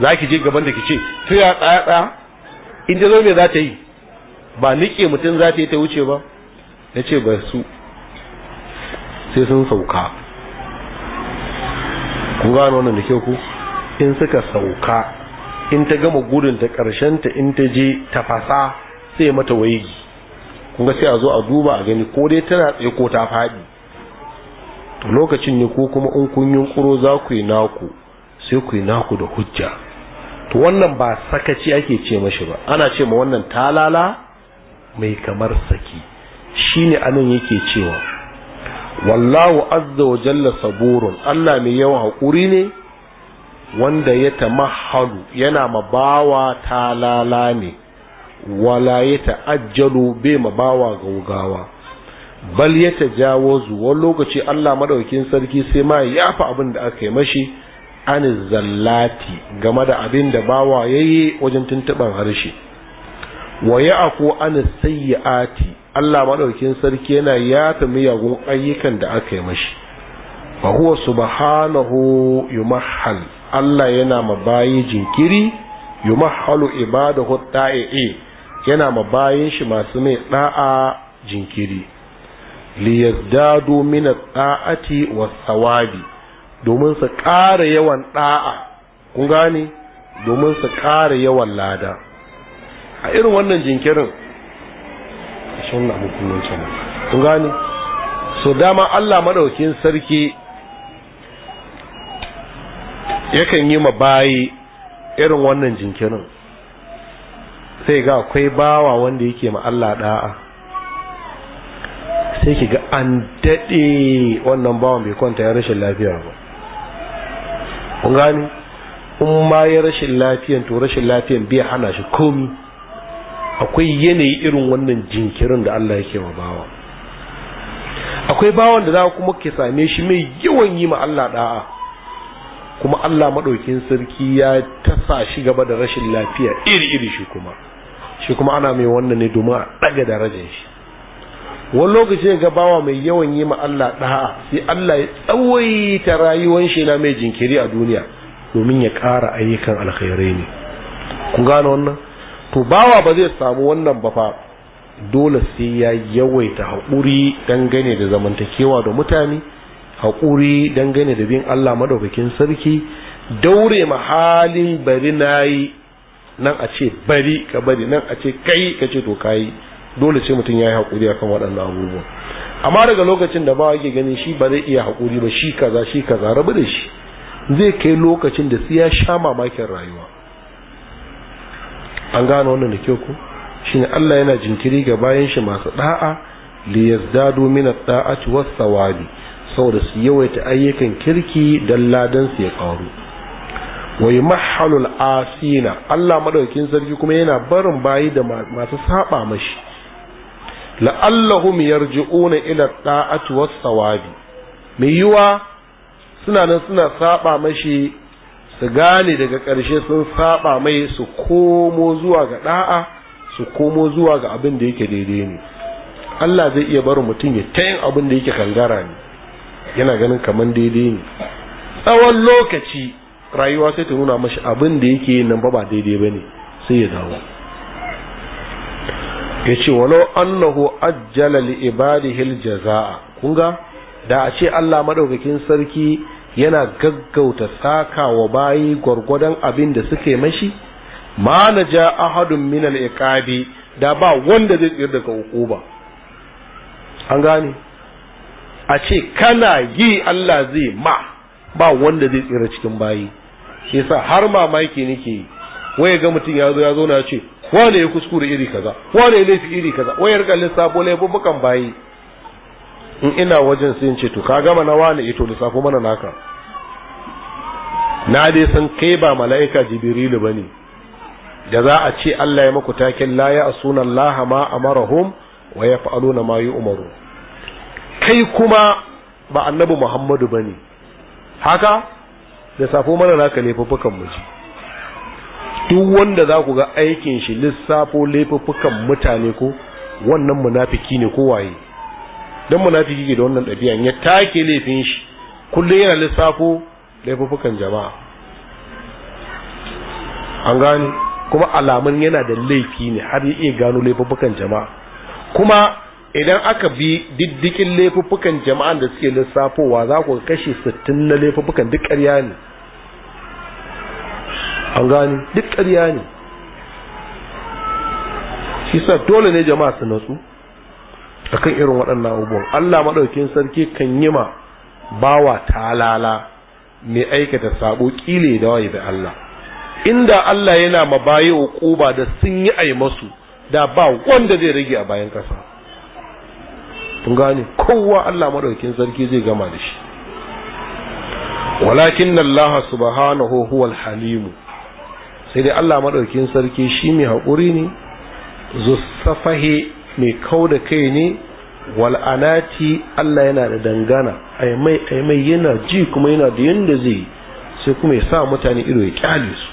za ki je gaban da ki ce sai ya tsaya tsaya in ta zo za ta yi ba nike mutum za ta yi ta wuce ba ya ce ba su sai sun sauka ku gano wannan da ke ku in suka sauka in ta gama gudun ta karshen ta in ta je ta fasa sai mata waigi kun ga sai a zo a duba a gani ko dai tana tsaye ko ta faɗi to lokacin ne ko kuma in kun yunƙuro za ku yi naku sai ku yi naku da hujja to wannan ba sakaci ake ce mashi ba ana ce ma wannan talala mai kamar saki shine anan yake cewa wallahu azza wa jalla saburun Allah mai yawan hakuri ne wanda ya tamahalu yana mabawa talala ne wala ya ta'ajjalu bai mabawa gaugawa bal ya tajawazu wani lokaci Allah madaukin sarki sai ma ya yafa abin da aka yi mashi an zallati game da abin da bawa yayi wajen tuntuban harshe wa ya'ku an sayyati Allah maɗaukin sarki yana yafe miyagun ayyukan da aka yi mashi fa huwa subhanahu yumahhal Allah yana mabayi jinkiri yumahhalu ibadahu ta'i'i yana mabayin shi masu mai da'a jinkiri yazdadu min at-ta'ati was-sawabi domin su ƙara yawan da'a kun gane domin su ƙara yawan lada a irin wannan jinkirin shi wannan kun gani so dama Allah maɗaukin sarki yakan yi ma bayi irin wannan jinkirin sai ga akwai bawa wanda yake ma Allah da'a sai ki ga an daɗe wannan bawan bai kwanta ya rashin lafiya ba kun gani in ma ya rashin lafiyan to rashin lafiyan bai hana shi komi akwai yanayi irin wannan jinkirin da Allah yake wa bawa akwai bawan da za kuma ke same shi mai yawan yi ma Allah da'a kuma Allah maɗaukin sarki ya tasa shi gaba da rashin lafiya iri-iri shi kuma shi kuma ana mai wannan ne domin a ɗaga darajar shi wani lokaci ga bawa mai yawan yi ma Allah da'a sai Allah ya tsawaita rayuwar shi na mai jinkiri a duniya domin ya ƙara ayyukan alkhairai ne kun gane wannan to bawa ba zai samu wannan ba fa dole sai ya yawaita haƙuri dangane da zamantakewa da mutane haƙuri dangane da bin Allah madaukakin sarki daure ma halin bari nayi nan a ce bari ka bari nan a ce kai ka ce to kayi dole sai mutum yayi yi haƙuri akan waɗannan abubuwa amma daga lokacin da bawa yake ganin shi ba zai iya haƙuri ba shi kaza shi kaza rabu da shi zai kai lokacin da sai ya sha mamakin rayuwa an gano wannan da kyau ku shine Allah yana jinkiri ga bayan shi masu da'a li yazdadu min at-ta'ati was-sawabi saboda su yawaita ayyukan kirki dan ladan su ya karu wa yumahhalul asina Allah madaukin sarki kuma yana barin bayi da masu saba mashi la'allahum yarji'una ila ta'ati was-sawabi mai yiwa suna nan suna saba mashi su gane daga ƙarshe sun saba mai su komo zuwa ga ɗa'a su komo zuwa ga abin da yake daidai ne Allah zai iya bar mutum ya ta yin abin da yake kangara ne yana ganin kamar daidai ne tsawon lokaci rayuwa sai ta nuna mashi abin da yake yin nan ba daidai ba ne sai ya dawo ya ce walau annahu ajjala li ibadihi aljaza'a kun ga da a ce Allah madaukakin sarki yana gaggauta saka wa bayi gwargwadon abin da suke mashi ma na ja ahadun min al-iqabi da ba wanda zai tsira daga hukuma an gane a ce kana yi Allah zai ma ba wanda zai tsira cikin bayi shi yasa har mamaki nake waye ga mutum ya zo ya zo na ce wane ya kuskure iri kaza wane ya laifi iri kaza waye rika lissafo laifukan bayi in ina wajen sai ce to ka gama na wani ito eh, lissafo mana naka na dai san kai ba mala'ika jibrilu bane da za a ce Allah ya maku takin la ya asuna Allah ma amarahum wa yaf'aluna ma yu'maru kai kuma ba annabi Muhammadu bane haka da safo mana naka laifuffukan mu ji duk wanda za ku ga aikin shi lissafo laifuffukan mutane ko wannan munafiki ne ko waye don munafiki ke da wannan ɗabi'an ya take laifin shi kullum yana lissafo laifukan jama'a an gani kuma alamun yana da laifi ne har ya iya gano laifukan jama'a kuma idan aka bi diddikin laifukan jama'a da suke lissafowa za ku kashe 60 na laifukan duk ƙarya ne an gani duk ƙarya ne shi sa dole ne jama'a su natsu akan irin waɗannan abubuwan Allah maɗaukin sarki kan yi ma bawa talala mai aikata sabo kile da waye da Allah inda Allah yana ma baye da sun yi ai masu da ba wanda zai rage a bayan ƙasa kun gane kowa Allah maɗaukin sarki zai gama da shi walakin Allah subhanahu huwal halimu sai dai Allah maɗaukin sarki shi mai haƙuri ne zo mai kau da kai ne wal'anati Allah yana da dangana aimai yana ji kuma yana da yanda zai sai kuma ya sa mutane ido ya kyale su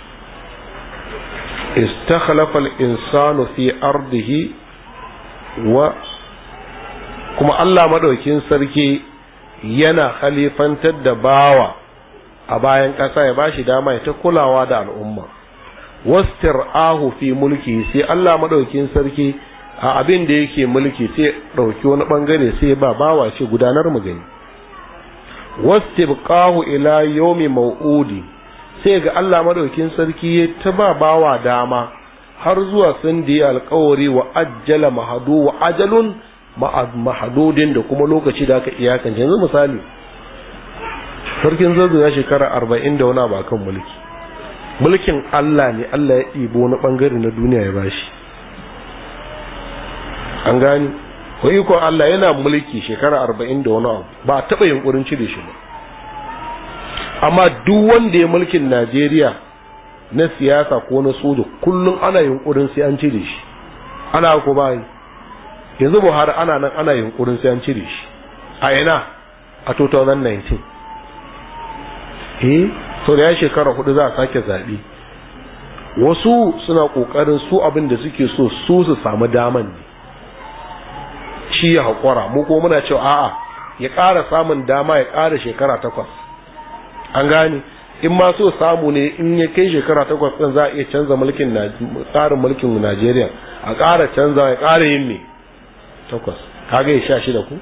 istakhlafa insanu fi ardihi wa kuma Allah madaukin sarki yana khalifantar da bawa a bayan ƙasa ya bashi dama ya ta kulawa da al'umma ahu fi mulki sai Allah madaukin sarki a abin da yake mulki sai ɗauki wani ɓangare sai ba bawa ce gudanar mu gani wastibqahu ila yawmi mau'udi sai ga Allah madaukin sarki ya ta ba bawa dama har zuwa sun da yi alkawari wa ajjala mahadu wa ajalun mahadudin da kuma lokaci da aka iyakance yanzu misali sarkin zazu ya shekara arba'in da wani ba kan mulki mulkin Allah ne Allah ya ibo wani ɓangare na duniya ya bashi an gani ko ikon Allah yana mulki shekara arba'in da wani abu ba a taɓa yunkurin cire shi ba amma duk wanda ya mulkin Najeriya na siyasa ko na soja kullum ana yunkurin sai an cire shi ana ko ba yanzu Buhari ana nan ana yunkurin sai an cire shi a ina a 2019 eh so da ya shekara hudu za a sake zaɓe wasu suna ƙoƙarin su abin da suke so su su samu daman ne shi ya haƙura mu ko muna cewa a'a ya ƙara samun dama ya ƙara shekara takwas an gane in ma so samu ne in ya kai shekara takwas ɗin za a iya canza mulkin tsarin mulkin najeriya a ƙara canza ya ƙara yin ne takwas kaga ya sha shida ku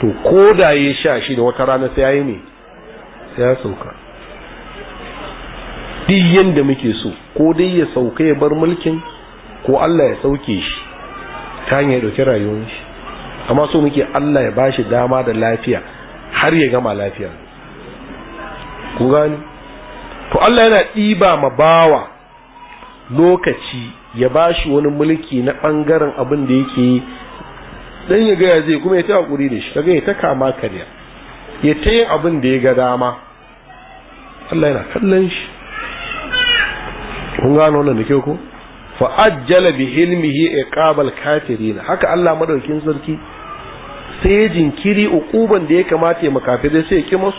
to ko da ya sha shida wata rana sai ya yi ne sai ya sauka duk yadda muke so ko dai ya sauka ya bar mulkin ko allah ya sauke shi ta hanyar dauki rayuwar shi amma so muke Allah ya bashi dama da lafiya har ya gama lafiya ku gani to Allah yana ɗiba ma bawa lokaci ya bashi wani mulki na bangaren abin da yake yi dan ya gaya zai kuma ya ta hakuri da shi kaga ya ta kama karya ya ta yin abin da ya ga dama Allah yana kallon shi kun gano wannan da kyau ko fa ajjala bi hilmihi kafirin haka Allah madaukin sarki sai ya jinkiri uquban da ya kamata ya makafirai sai ya ki musu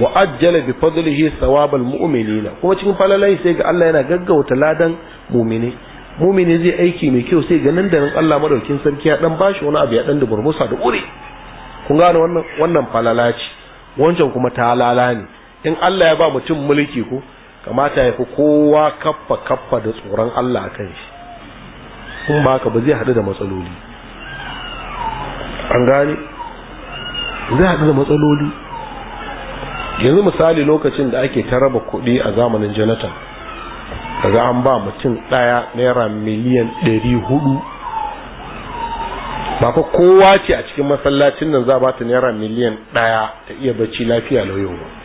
wa ajjala bi fadlihi thawabal mu'minina kuma cikin falalai sai ga Allah yana gaggauta ladan mu'mini mu'mini zai aiki mai kyau sai ga nan da nan Allah madaukin sarki ya dan bashi wani abu ya dan musa da ure kun gane wannan wannan falala wancan kuma talala ne in Allah ya ba mutum mulki ko kamata ya fi kowa kaffa kaffa da tsoron Allah a kan shi kun ba ka ba zai haɗu da matsaloli an gane zai haɗu da matsaloli yanzu misali lokacin da ake ta raba kuɗi a zamanin jonathan daga an ba mutum ɗaya naira miliyan ɗari hudu ba fa kowa ce a cikin masallacin nan za ba ta naira miliyan ɗaya ta iya bacci lafiya lauyo ba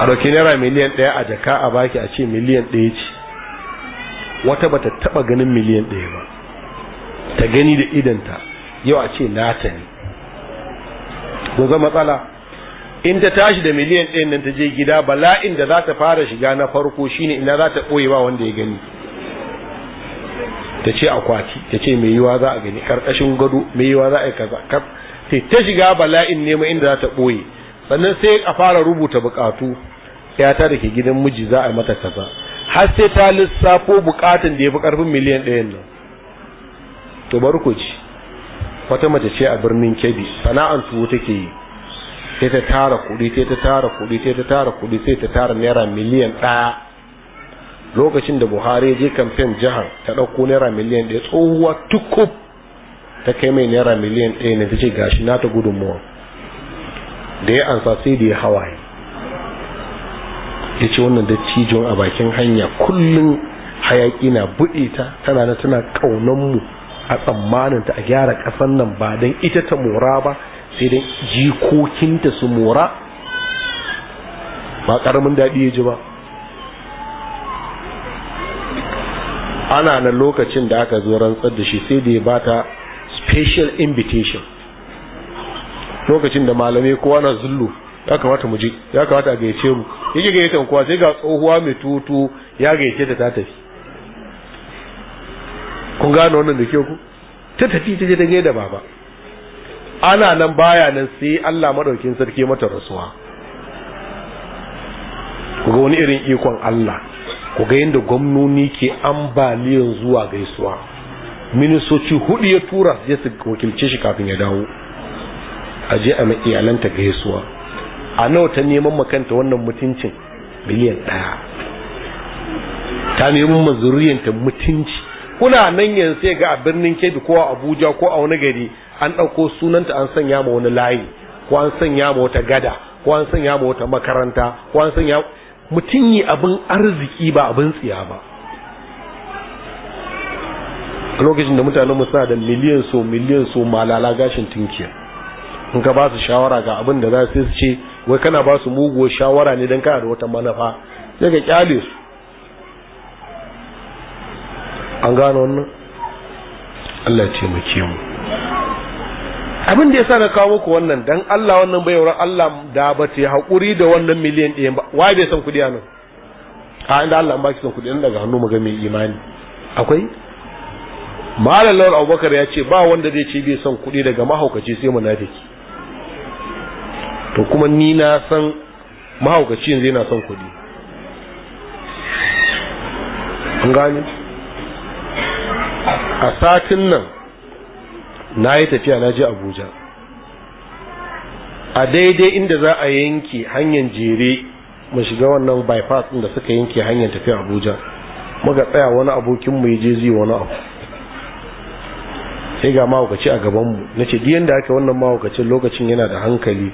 a dauke naira miliyan ɗaya a jaka a baki a ce miliyan ɗaya ce wata bata taba ganin miliyan ɗaya ba ta gani da idanta yau a ce nata ne kun matsala in ta tashi da miliyan ɗaya nan ta je gida bala'in da za ta fara shiga na farko shine ina za ta ɓoye ba wanda ya gani ta ce akwati ta ce mai yiwa za a gani karkashin gado mai yiwa za a yi kaza ta shiga bala'in nema inda za ta ɓoye sannan sai a fara rubuta bukatu yata da ke gidan miji za a mata kaza har sai ta lissafo bukatun da ya fi karfin miliyan ɗaya nan to bari ci wata mace ce a birnin kebbi sana'an tuwo take yi sai ta tara kuɗi sai ta tara kuɗi sai ta tara kuɗi sai ta tara naira miliyan ɗaya lokacin da buhari je kamfen jihar ta ɗauko naira miliyan ɗaya tsohuwa tukub ta kai mai naira miliyan ɗaya ne ta ce gashi na ta gudunmuwa da ya ansa sai da ya hawaye ya ce wannan dattijon a bakin hanya kullum hayaki na buɗe ta tana na tana ƙaunan mu a tsammanin ta a gyara ƙasan nan ba don ita ta mora ba sai don jikokinta su mora ba ƙaramin daɗi ya ji ba ana na lokacin da aka zo rantsar da shi sai da ya bata special invitation lokacin da malamai kowa na zullu ya kamata mu je ya kamata a gayyace mu yake gayyatan kowa sai ga tsohuwa mai tutu ya gayyace ta ta tafi kun gano wannan da ke ku ta tafi ta je ta gaida baba ana nan baya nan sai Allah madaukin sarki mata rasuwa ku ga wani irin ikon Allah ku ga yadda gwamnoni ke ambaliyan zuwa gaisuwa ministoci hudu ya tura ya su wakilce shi kafin ya dawo a je a mai iyalanta gaisuwa a nawa ta neman makanta wannan mutuncin miliyan ɗaya ta neman mazuriyanta mutunci kuna nan yanzu sai ga a birnin kebi ko a abuja ko a wani gari an ɗauko sunanta an sanya ma wani layi ko an sanya ma wata gada ko an sanya ma wata makaranta ko an sanya mutum yi abin arziki ba abin tsiya ba a lokacin da mutanen mu suna da miliyan so miliyan so malala gashin tunkiya in ka ba su shawara ga abin da za su ce wai kana ba su muguwa shawara ne don kana da wata manufa sai ka kyale su an gano wannan Allah ya taimake mu abin da sa na kawo muku wannan dan Allah wannan bayawar Allah da ba ta yi hakuri da wannan miliyan ɗaya ba wai bai san kudi anan a inda Allah an baki san kudi daga hannu mu ga mai imani akwai malalawar abubakar ya ce ba wanda zai ce bai son kuɗi daga mahaukaci sai munafiki to kuma ni na san mahaukaci yanzu yana son kuɗi an gane a satin nan na yi tafiya na je abuja a daidai inda za a yanke hanyar jere mu shiga wannan bypass ɗin da suka yanke hanyar tafiya abuja muka tsaya wani abokinmu ya je zai wani abu sai ga mahaukaci a gabanmu na ce diyan da aka wannan mahaukacin lokacin yana da hankali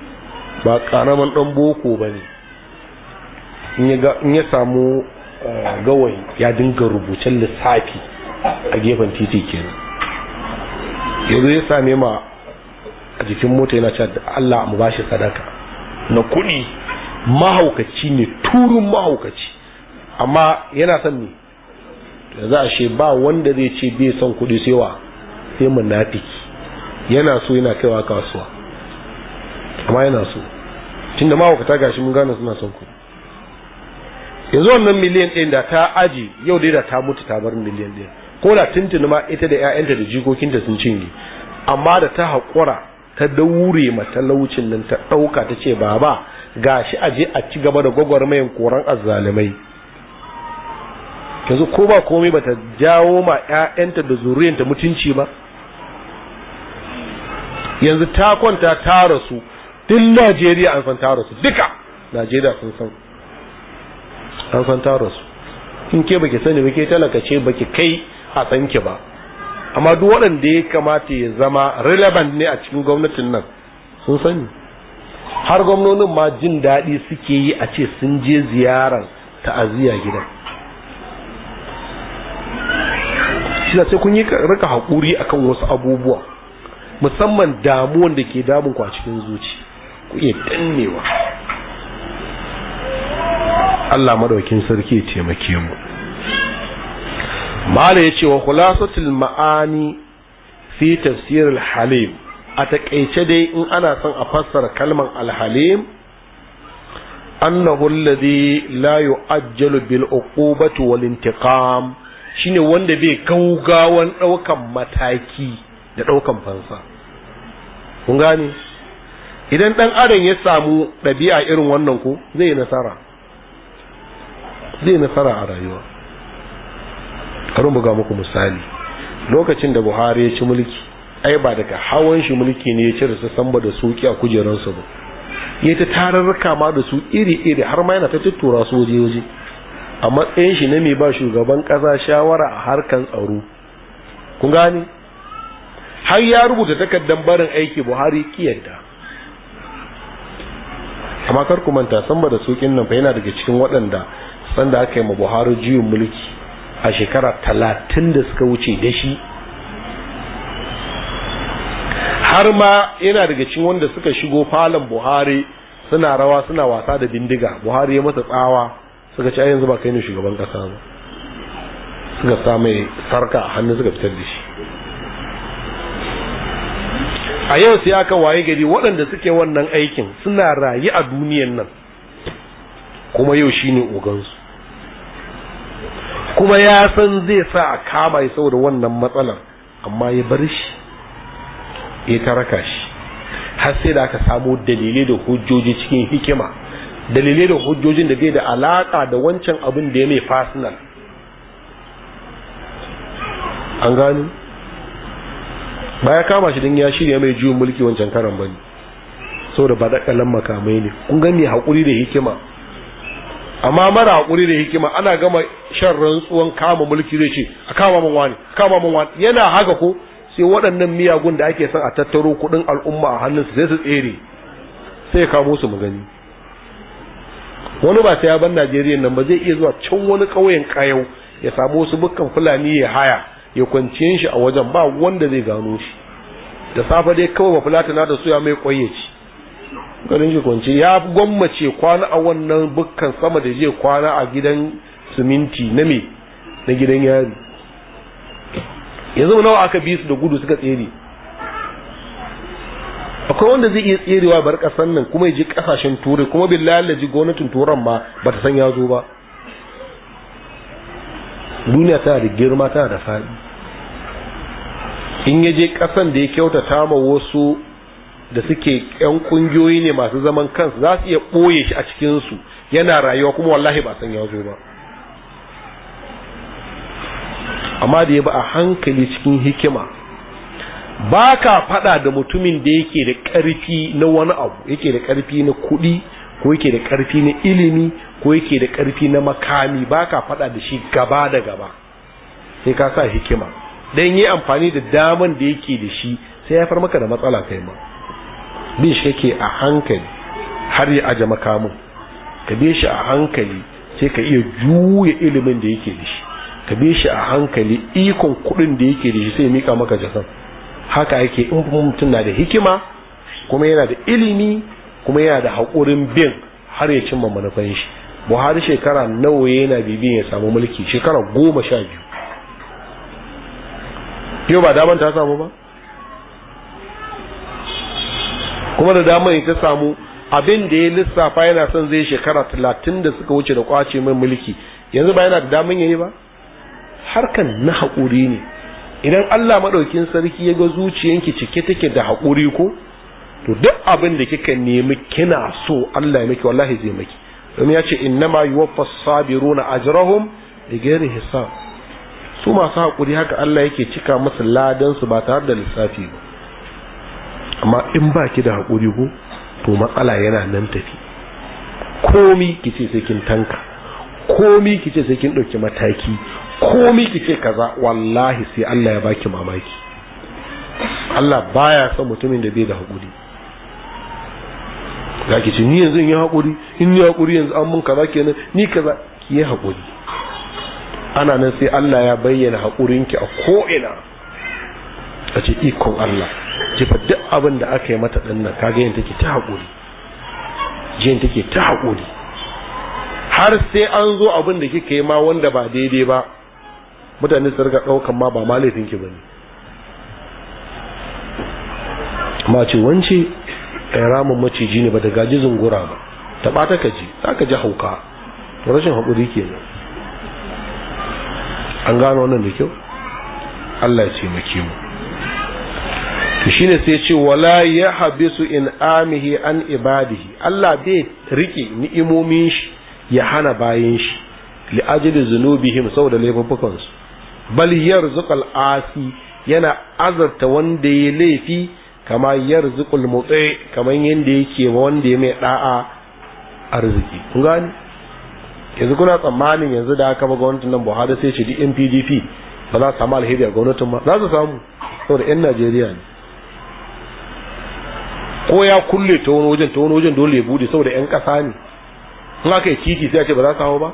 ba karaman dan boko ba ne in ya samu eh, gawayi ya dinga rubucin lissafi a gefen titi kenan yanzu ya same ma a jikin mota yana cewa Allah mu bashi sadaka na kuɗi mahaukaci ne turun mahaukaci amma yana son ni. da za a ce ba wanda zai ce bai son kuɗi sai wa sai munafiki yana so yana kaiwa kasuwa amma yana so da mawakata gashi mun gane suna son ku yanzu wannan miliyan ɗin da ta aji yau dai da ta mutu ta bar miliyan ɗin ko da tuntuni ma ita da 'ya'yanta da jikokinta sun cinye amma da ta haƙura ta daure matalaucin nan ta ɗauka ta ce baba gashi aje a ci gaba da gwagwarmayin koran azzalumai yanzu ko ba komai ta jawo ma 'ya'yanta da zuriyanta mutunci ba yanzu ta kwanta ta rasu duk najeriya an san duka najeriya sun san an san in ke baki sani ba ke talaka ce baki kai a tsanki ba amma duk waɗanda ya kamata ya zama relevant ne a cikin gwamnatin nan sun sani har gwamnonin ma jin daɗi suke yi a ce sun je ziyarar ta'aziyya gida shi sai kun yi rika haƙuri akan wasu abubuwa musamman damuwan da ke damun ku a cikin zuci ku iya dannewa Allah madaukin sarki ya taimake mu mala yace wa khulasatul ma'ani fi tafsir al-halim a takeice dai in ana son a fassara kalmar al-halim annahu alladhi la yu'ajjalu bil uqubati wal intiqam shine wanda bai gaugawan daukan mataki da daukan fansa kun gane idan dan adam ya samu ɗabi'a irin wannan ko zai yi nasara zai nasara a rayuwa karin buga muku misali lokacin da buhari ya ci mulki ai ba daga hawan shi mulki ne ya cire da samba da soki a kujeransu ba ya ta tararraka ma da su iri-iri har ma yana ta tuttura su waje-waje a matsayin shi na mai ba shugaban ƙasa shawara a harkan tsaro kun gane har ya rubuta takardar barin aiki buhari kiyanta amma kar ku manta san ba da sokin nan fa yana daga cikin waɗanda sanda aka yi ma buhari jiyun mulki a shekara talatin da suka wuce da shi har ma yana daga cikin wanda suka shigo falon buhari suna rawa suna wasa da bindiga buhari ya masa tsawa suka ci yanzu ba kai ne shugaban kasa ba suka sa sarka hannu suka fitar da shi a yau sai aka waye gari waɗanda suke wannan aikin suna rayu a duniyan nan kuma yau shine ogansu kuma ya san zai sa a kama ya saboda wannan matsalar amma ya bar shi ya taraka shi har sai da aka samo dalilai da hujjoji cikin hikima dalilai da hujjojin da bai da alaƙa da wancan abin da ya mai fasinal an gani ba ya kama shi don ya shirya mai juyin mulki wancan karan bane saboda ba dakalan makamai ne kun gani haƙuri da hikima amma mara haƙuri da hikima ana gama shan rantsuwan kama mulki zai ce a kama min wani kama min wani yana haka ko sai waɗannan miyagun da ake son a tattaro kuɗin al'umma a hannunsu sai su tsere sai ya kamo su mu gani wani ba ta yaban najeriya nan ba zai iya zuwa can wani ƙauyen kayau ya samu wasu bukkan fulani ya haya ya kwance shi a wajen ba wanda zai gano shi da safe dai kawai ba na da suya mai kwaye ci ganin shi kwanci ya gwammace kwana a wannan bukkan sama da je kwana a gidan siminti na me na gidan yari yanzu nawa aka bi su da gudu suka tsere akwai wanda zai iya tserewa bar kasan nan kuma ya ji kasashen turai kuma billahi da ji gwamnatin turan ma ba ta san ya zo ba duniya tana da girma tana da faɗi in ya je kasan da ya kyautata ma wasu da suke yan kungiyoyi ne masu zaman kansu za su iya ɓoye shi a cikinsu yana rayuwa kuma wallahi ba san ya zo ba amma da ya ba a hankali cikin hikima ba ka fada da mutumin da yake da ƙarfi na wani abu yake da karfi na kuɗi ko yake da ƙarfi na ilimi ko yake da ƙarfi na makami ba ka fada da shi gaba da gaba sai ka sa hikima dan yi amfani da daman da yake da shi sai ya far maka da matsala kai ma bin shi kake a hankali har ya aje makamin ka bi shi a hankali sai ka iya juya ilimin da yake da shi ka bi shi a hankali ikon kuɗin da yake da shi sai ya mika maka jasan haka yake in mutum na da hikima kuma yana da ilimi kuma yana da haƙurin bin har ya cimma manufan shi buhari shekara nawa yana bibiyan ya samu mulki shekara goma sha biyu yau ba daman ta samu ba kuma da daman ita samu abin da ya lissafa yana son zai shekara talatin da suka wuce da kwace mai mulki yanzu ba yana da daman yi ba harkan na haƙuri ne idan Allah maɗaukin sarki ya ga zuciyanki cike take da haƙuri ko to duk abin da kika nemi kina so Allah ya miki wallahi zai miki domin ya ce innama yuwaffas sabiruna ajrahum bighairi hisab su masu haƙuri haka Allah yake cika musu ladansu ba tare da lissafi ba amma in ba ki da haƙuri ko to matsala yana nan tafi komi ki ce sai kin tanka komi ki ce sai kin ɗauki mataki komi ki ce kaza wallahi sai Allah ya baki mamaki Allah baya son mutumin da bai da haƙuri za ki ce ni yanzu in yi haƙuri in yi haƙuri yanzu an mun kaza kenan ni kaza ki yi haƙuri ana nan sai Allah ya bayyana haƙurinki a ko'ina a ce ikon Allah jefa duk abin da aka yi mata ɗannan kaga yin take ta haƙuri jiyan take ta haƙuri har sai an zo abin da kika yi ma wanda ba daidai ba mutane su rika ɗaukan ma ba ma ki ba ne ma ce wance ramin maciji ne ba da gaji zungura ba ta ɓata ka ji za ka ji hauka rashin haƙuri kenan an gano wannan da kyau Allah ya ce maki mu to shine sai ce wala ya habisu in amihi an ibadihi Allah bai rike ni'imomin shi ya hana bayin shi li ajli zunubihim saboda laifukan su bal yarzuqal asi yana azarta wanda ya laifi kama yarzuqul mutsi kaman yanda yake wanda ya mai da'a arziki kun gani yanzu kuna tsammanin yanzu da aka ba gwamnatin nan buhari sai ce di NPDP ba za su samu alheri a gwamnatin ba za su samu saboda yan najeriya ne ko ya kulle ta wani wajen ta wani wajen dole ya bude saboda yan kasa ne in aka yi titi sai a ce ba za su hawo ba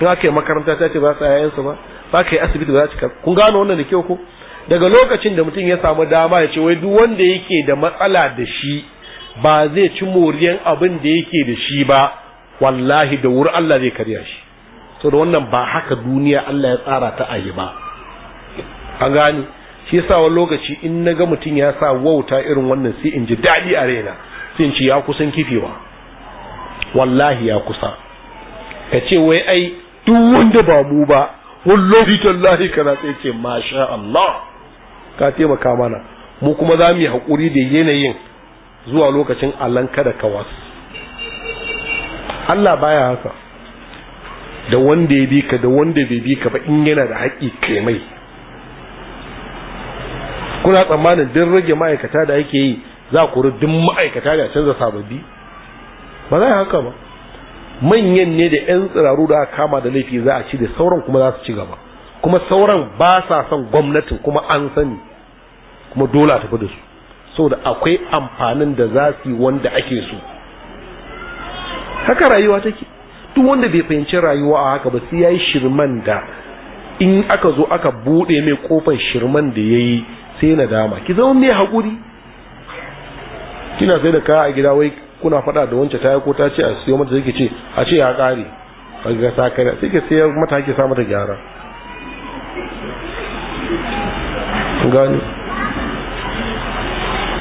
in aka yi makaranta sai a ce ba za su yayansu ba ba ka yi asibiti ba za su kun gano wannan da kyau ko daga lokacin da mutum ya samu dama ya ce wai duk wanda yake da matsala da shi ba zai ci moriyan abin da yake da shi ba wallahi da wuri Allah zai karya shi to da wannan ba haka duniya Allah ya tsara ta ayi ba an gani shi yasa wani lokaci in na ga mutum ya sa wauta irin wannan sai in ji daɗi a raina sai in ci ya kusan kifewa wallahi ya kusa ka ce wai ai duk wanda ba mu ba wallahi tallahi kana sai ce masha Allah ka taimaka mana mu kuma za mu yi haƙuri da yanayin zuwa lokacin alanka da kawas Allah baya haka da wanda ya bi ka da wanda bai bi ka ba in yana da haƙi kai mai kuna tsammanin din rage ma'aikata da ake yi za ku duk ma'aikata da canza sababbi ba za haka ba manyan ne da 'yan tsiraru da aka kama da laifi za a ci da sauran kuma za su ci gaba kuma sauran ba sa son gwamnatin kuma an sani kuma dole a tafi da su saboda akwai amfanin da za su yi wanda ake so haka rayuwa take duk wanda bai fahimci rayuwa a haka ba sai yayi shirman da in aka zo aka bude mai kofar shirman da yayi sai na dama ki zama mai hakuri kina sai da kaya a gida wai kuna fada da wancan taya ko ta ce a siyo mata sai ce a ce ya kare kaga sa kare sai ke sai mata ke sa mata gyara gani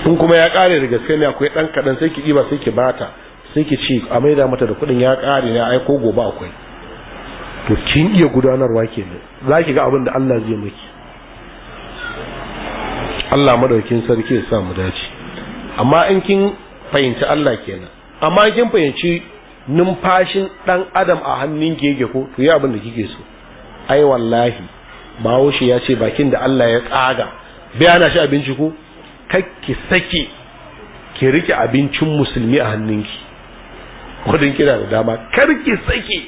kun kuma ya kare da gaske ne akwai dan kadan sai ki diba sai ki bata sai ki ce a maida mata da kuɗin ya kare ne ai ko gobe akwai to kin iya gudanarwa kenan za zaki ga abin da Allah zai miki Allah madaukin sarki ya sa mu dace amma in kin fahimci Allah kenan amma kin fahimci numfashin dan adam a hannun gege ko to ya abin da kike so ai wallahi bawoshi ya ce bakin da Allah ya tsaga biya na shi abinci ko kakki saki ki rike abincin musulmi a hannunki kudin kina da dama karki saki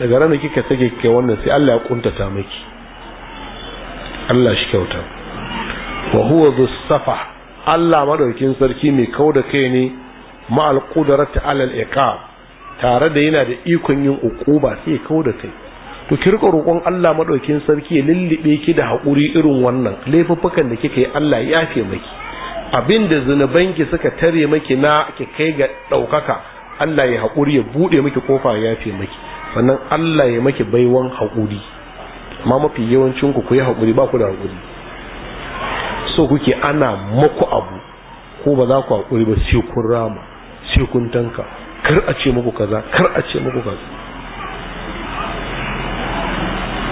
daga ranar kika sake kai wannan sai Allah ya kuntata miki Allah shi kyauta wa huwa safa Allah madaukin sarki mai kau da kai ne ma alqudrati alal iqab tare da yana da ikon yin ukuba sai kau da kai to ki roƙon Allah madaukin sarki ya lullube ki da hakuri irin wannan laifukan da kika yi Allah ya yafe miki abinda zinabanki suka tare maki na ki kai ga ɗaukaka Allah ya haƙuri ya buɗe miki kofa ya fi maki sannan Allah ya maki baiwan haƙuri amma mafi yawancin ku yi haƙuri ba ku da haƙuri so kuke ana maku abu ko ba za ku haƙuri ba sai kun rama sai kun tanka kar a ce muku kaza kar a ce muku kaza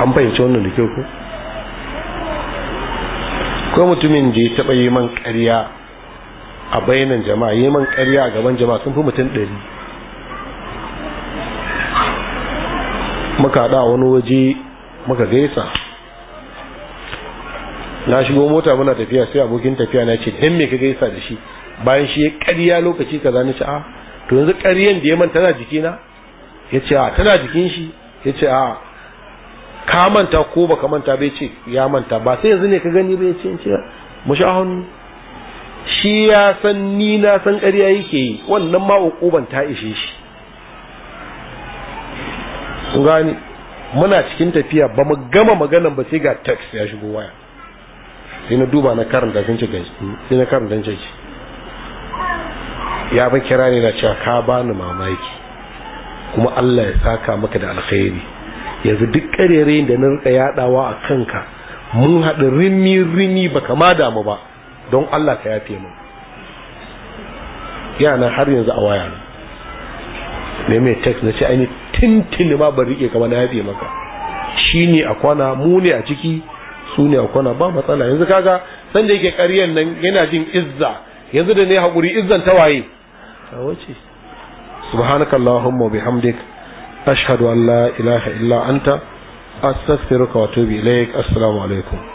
an fahimci wannan da kyau ko ko mutumin da ya taɓa yi man ƙarya a bainan jama'a yi man ƙarya a gaban jama'a sun fi mutum ɗari muka da wani waje muka gaisa na shigo mota muna tafiya sai abokin tafiya na ce dan me ka gaisa da shi bayan shi ya ƙarya lokaci kaza ni ce a to yanzu ƙaryan da ya man tana jikina ya ce a tana jikin shi ya ce a ka manta ko baka manta bai ce ya manta ba sai yanzu ne ka gani bai ce ce mu sha hannu shi ya san ni na san ƙarya yake yi wannan ma ukuban ta ishe shi gani muna cikin tafiya ba mu gama maganan ba sai ga text ya shigo waya sai na duba na karanta sun ce gaji sai na karanta ce ya ba kira ne na cewa ka bani mamaki kuma Allah ya saka maka da alkhairi yanzu duk karere da na rika yadawa a kanka mun haɗu rimi rimi ba kama damu ba don Allah ka yafe mu yana har yanzu a waya ne mai mai text na ce ainihin tintini ma ban rike kama na yafe maka shi ne a kwana mu ne a ciki su ne a kwana ba matsala yanzu kaga san yake karyan nan yana jin izza yanzu da ne haƙuri izzan ta waye a wace subhanakallahumma bihamdik ashhadu an la ilaha illa anta astaghfiruka wa atubu ilaik assalamu alaikum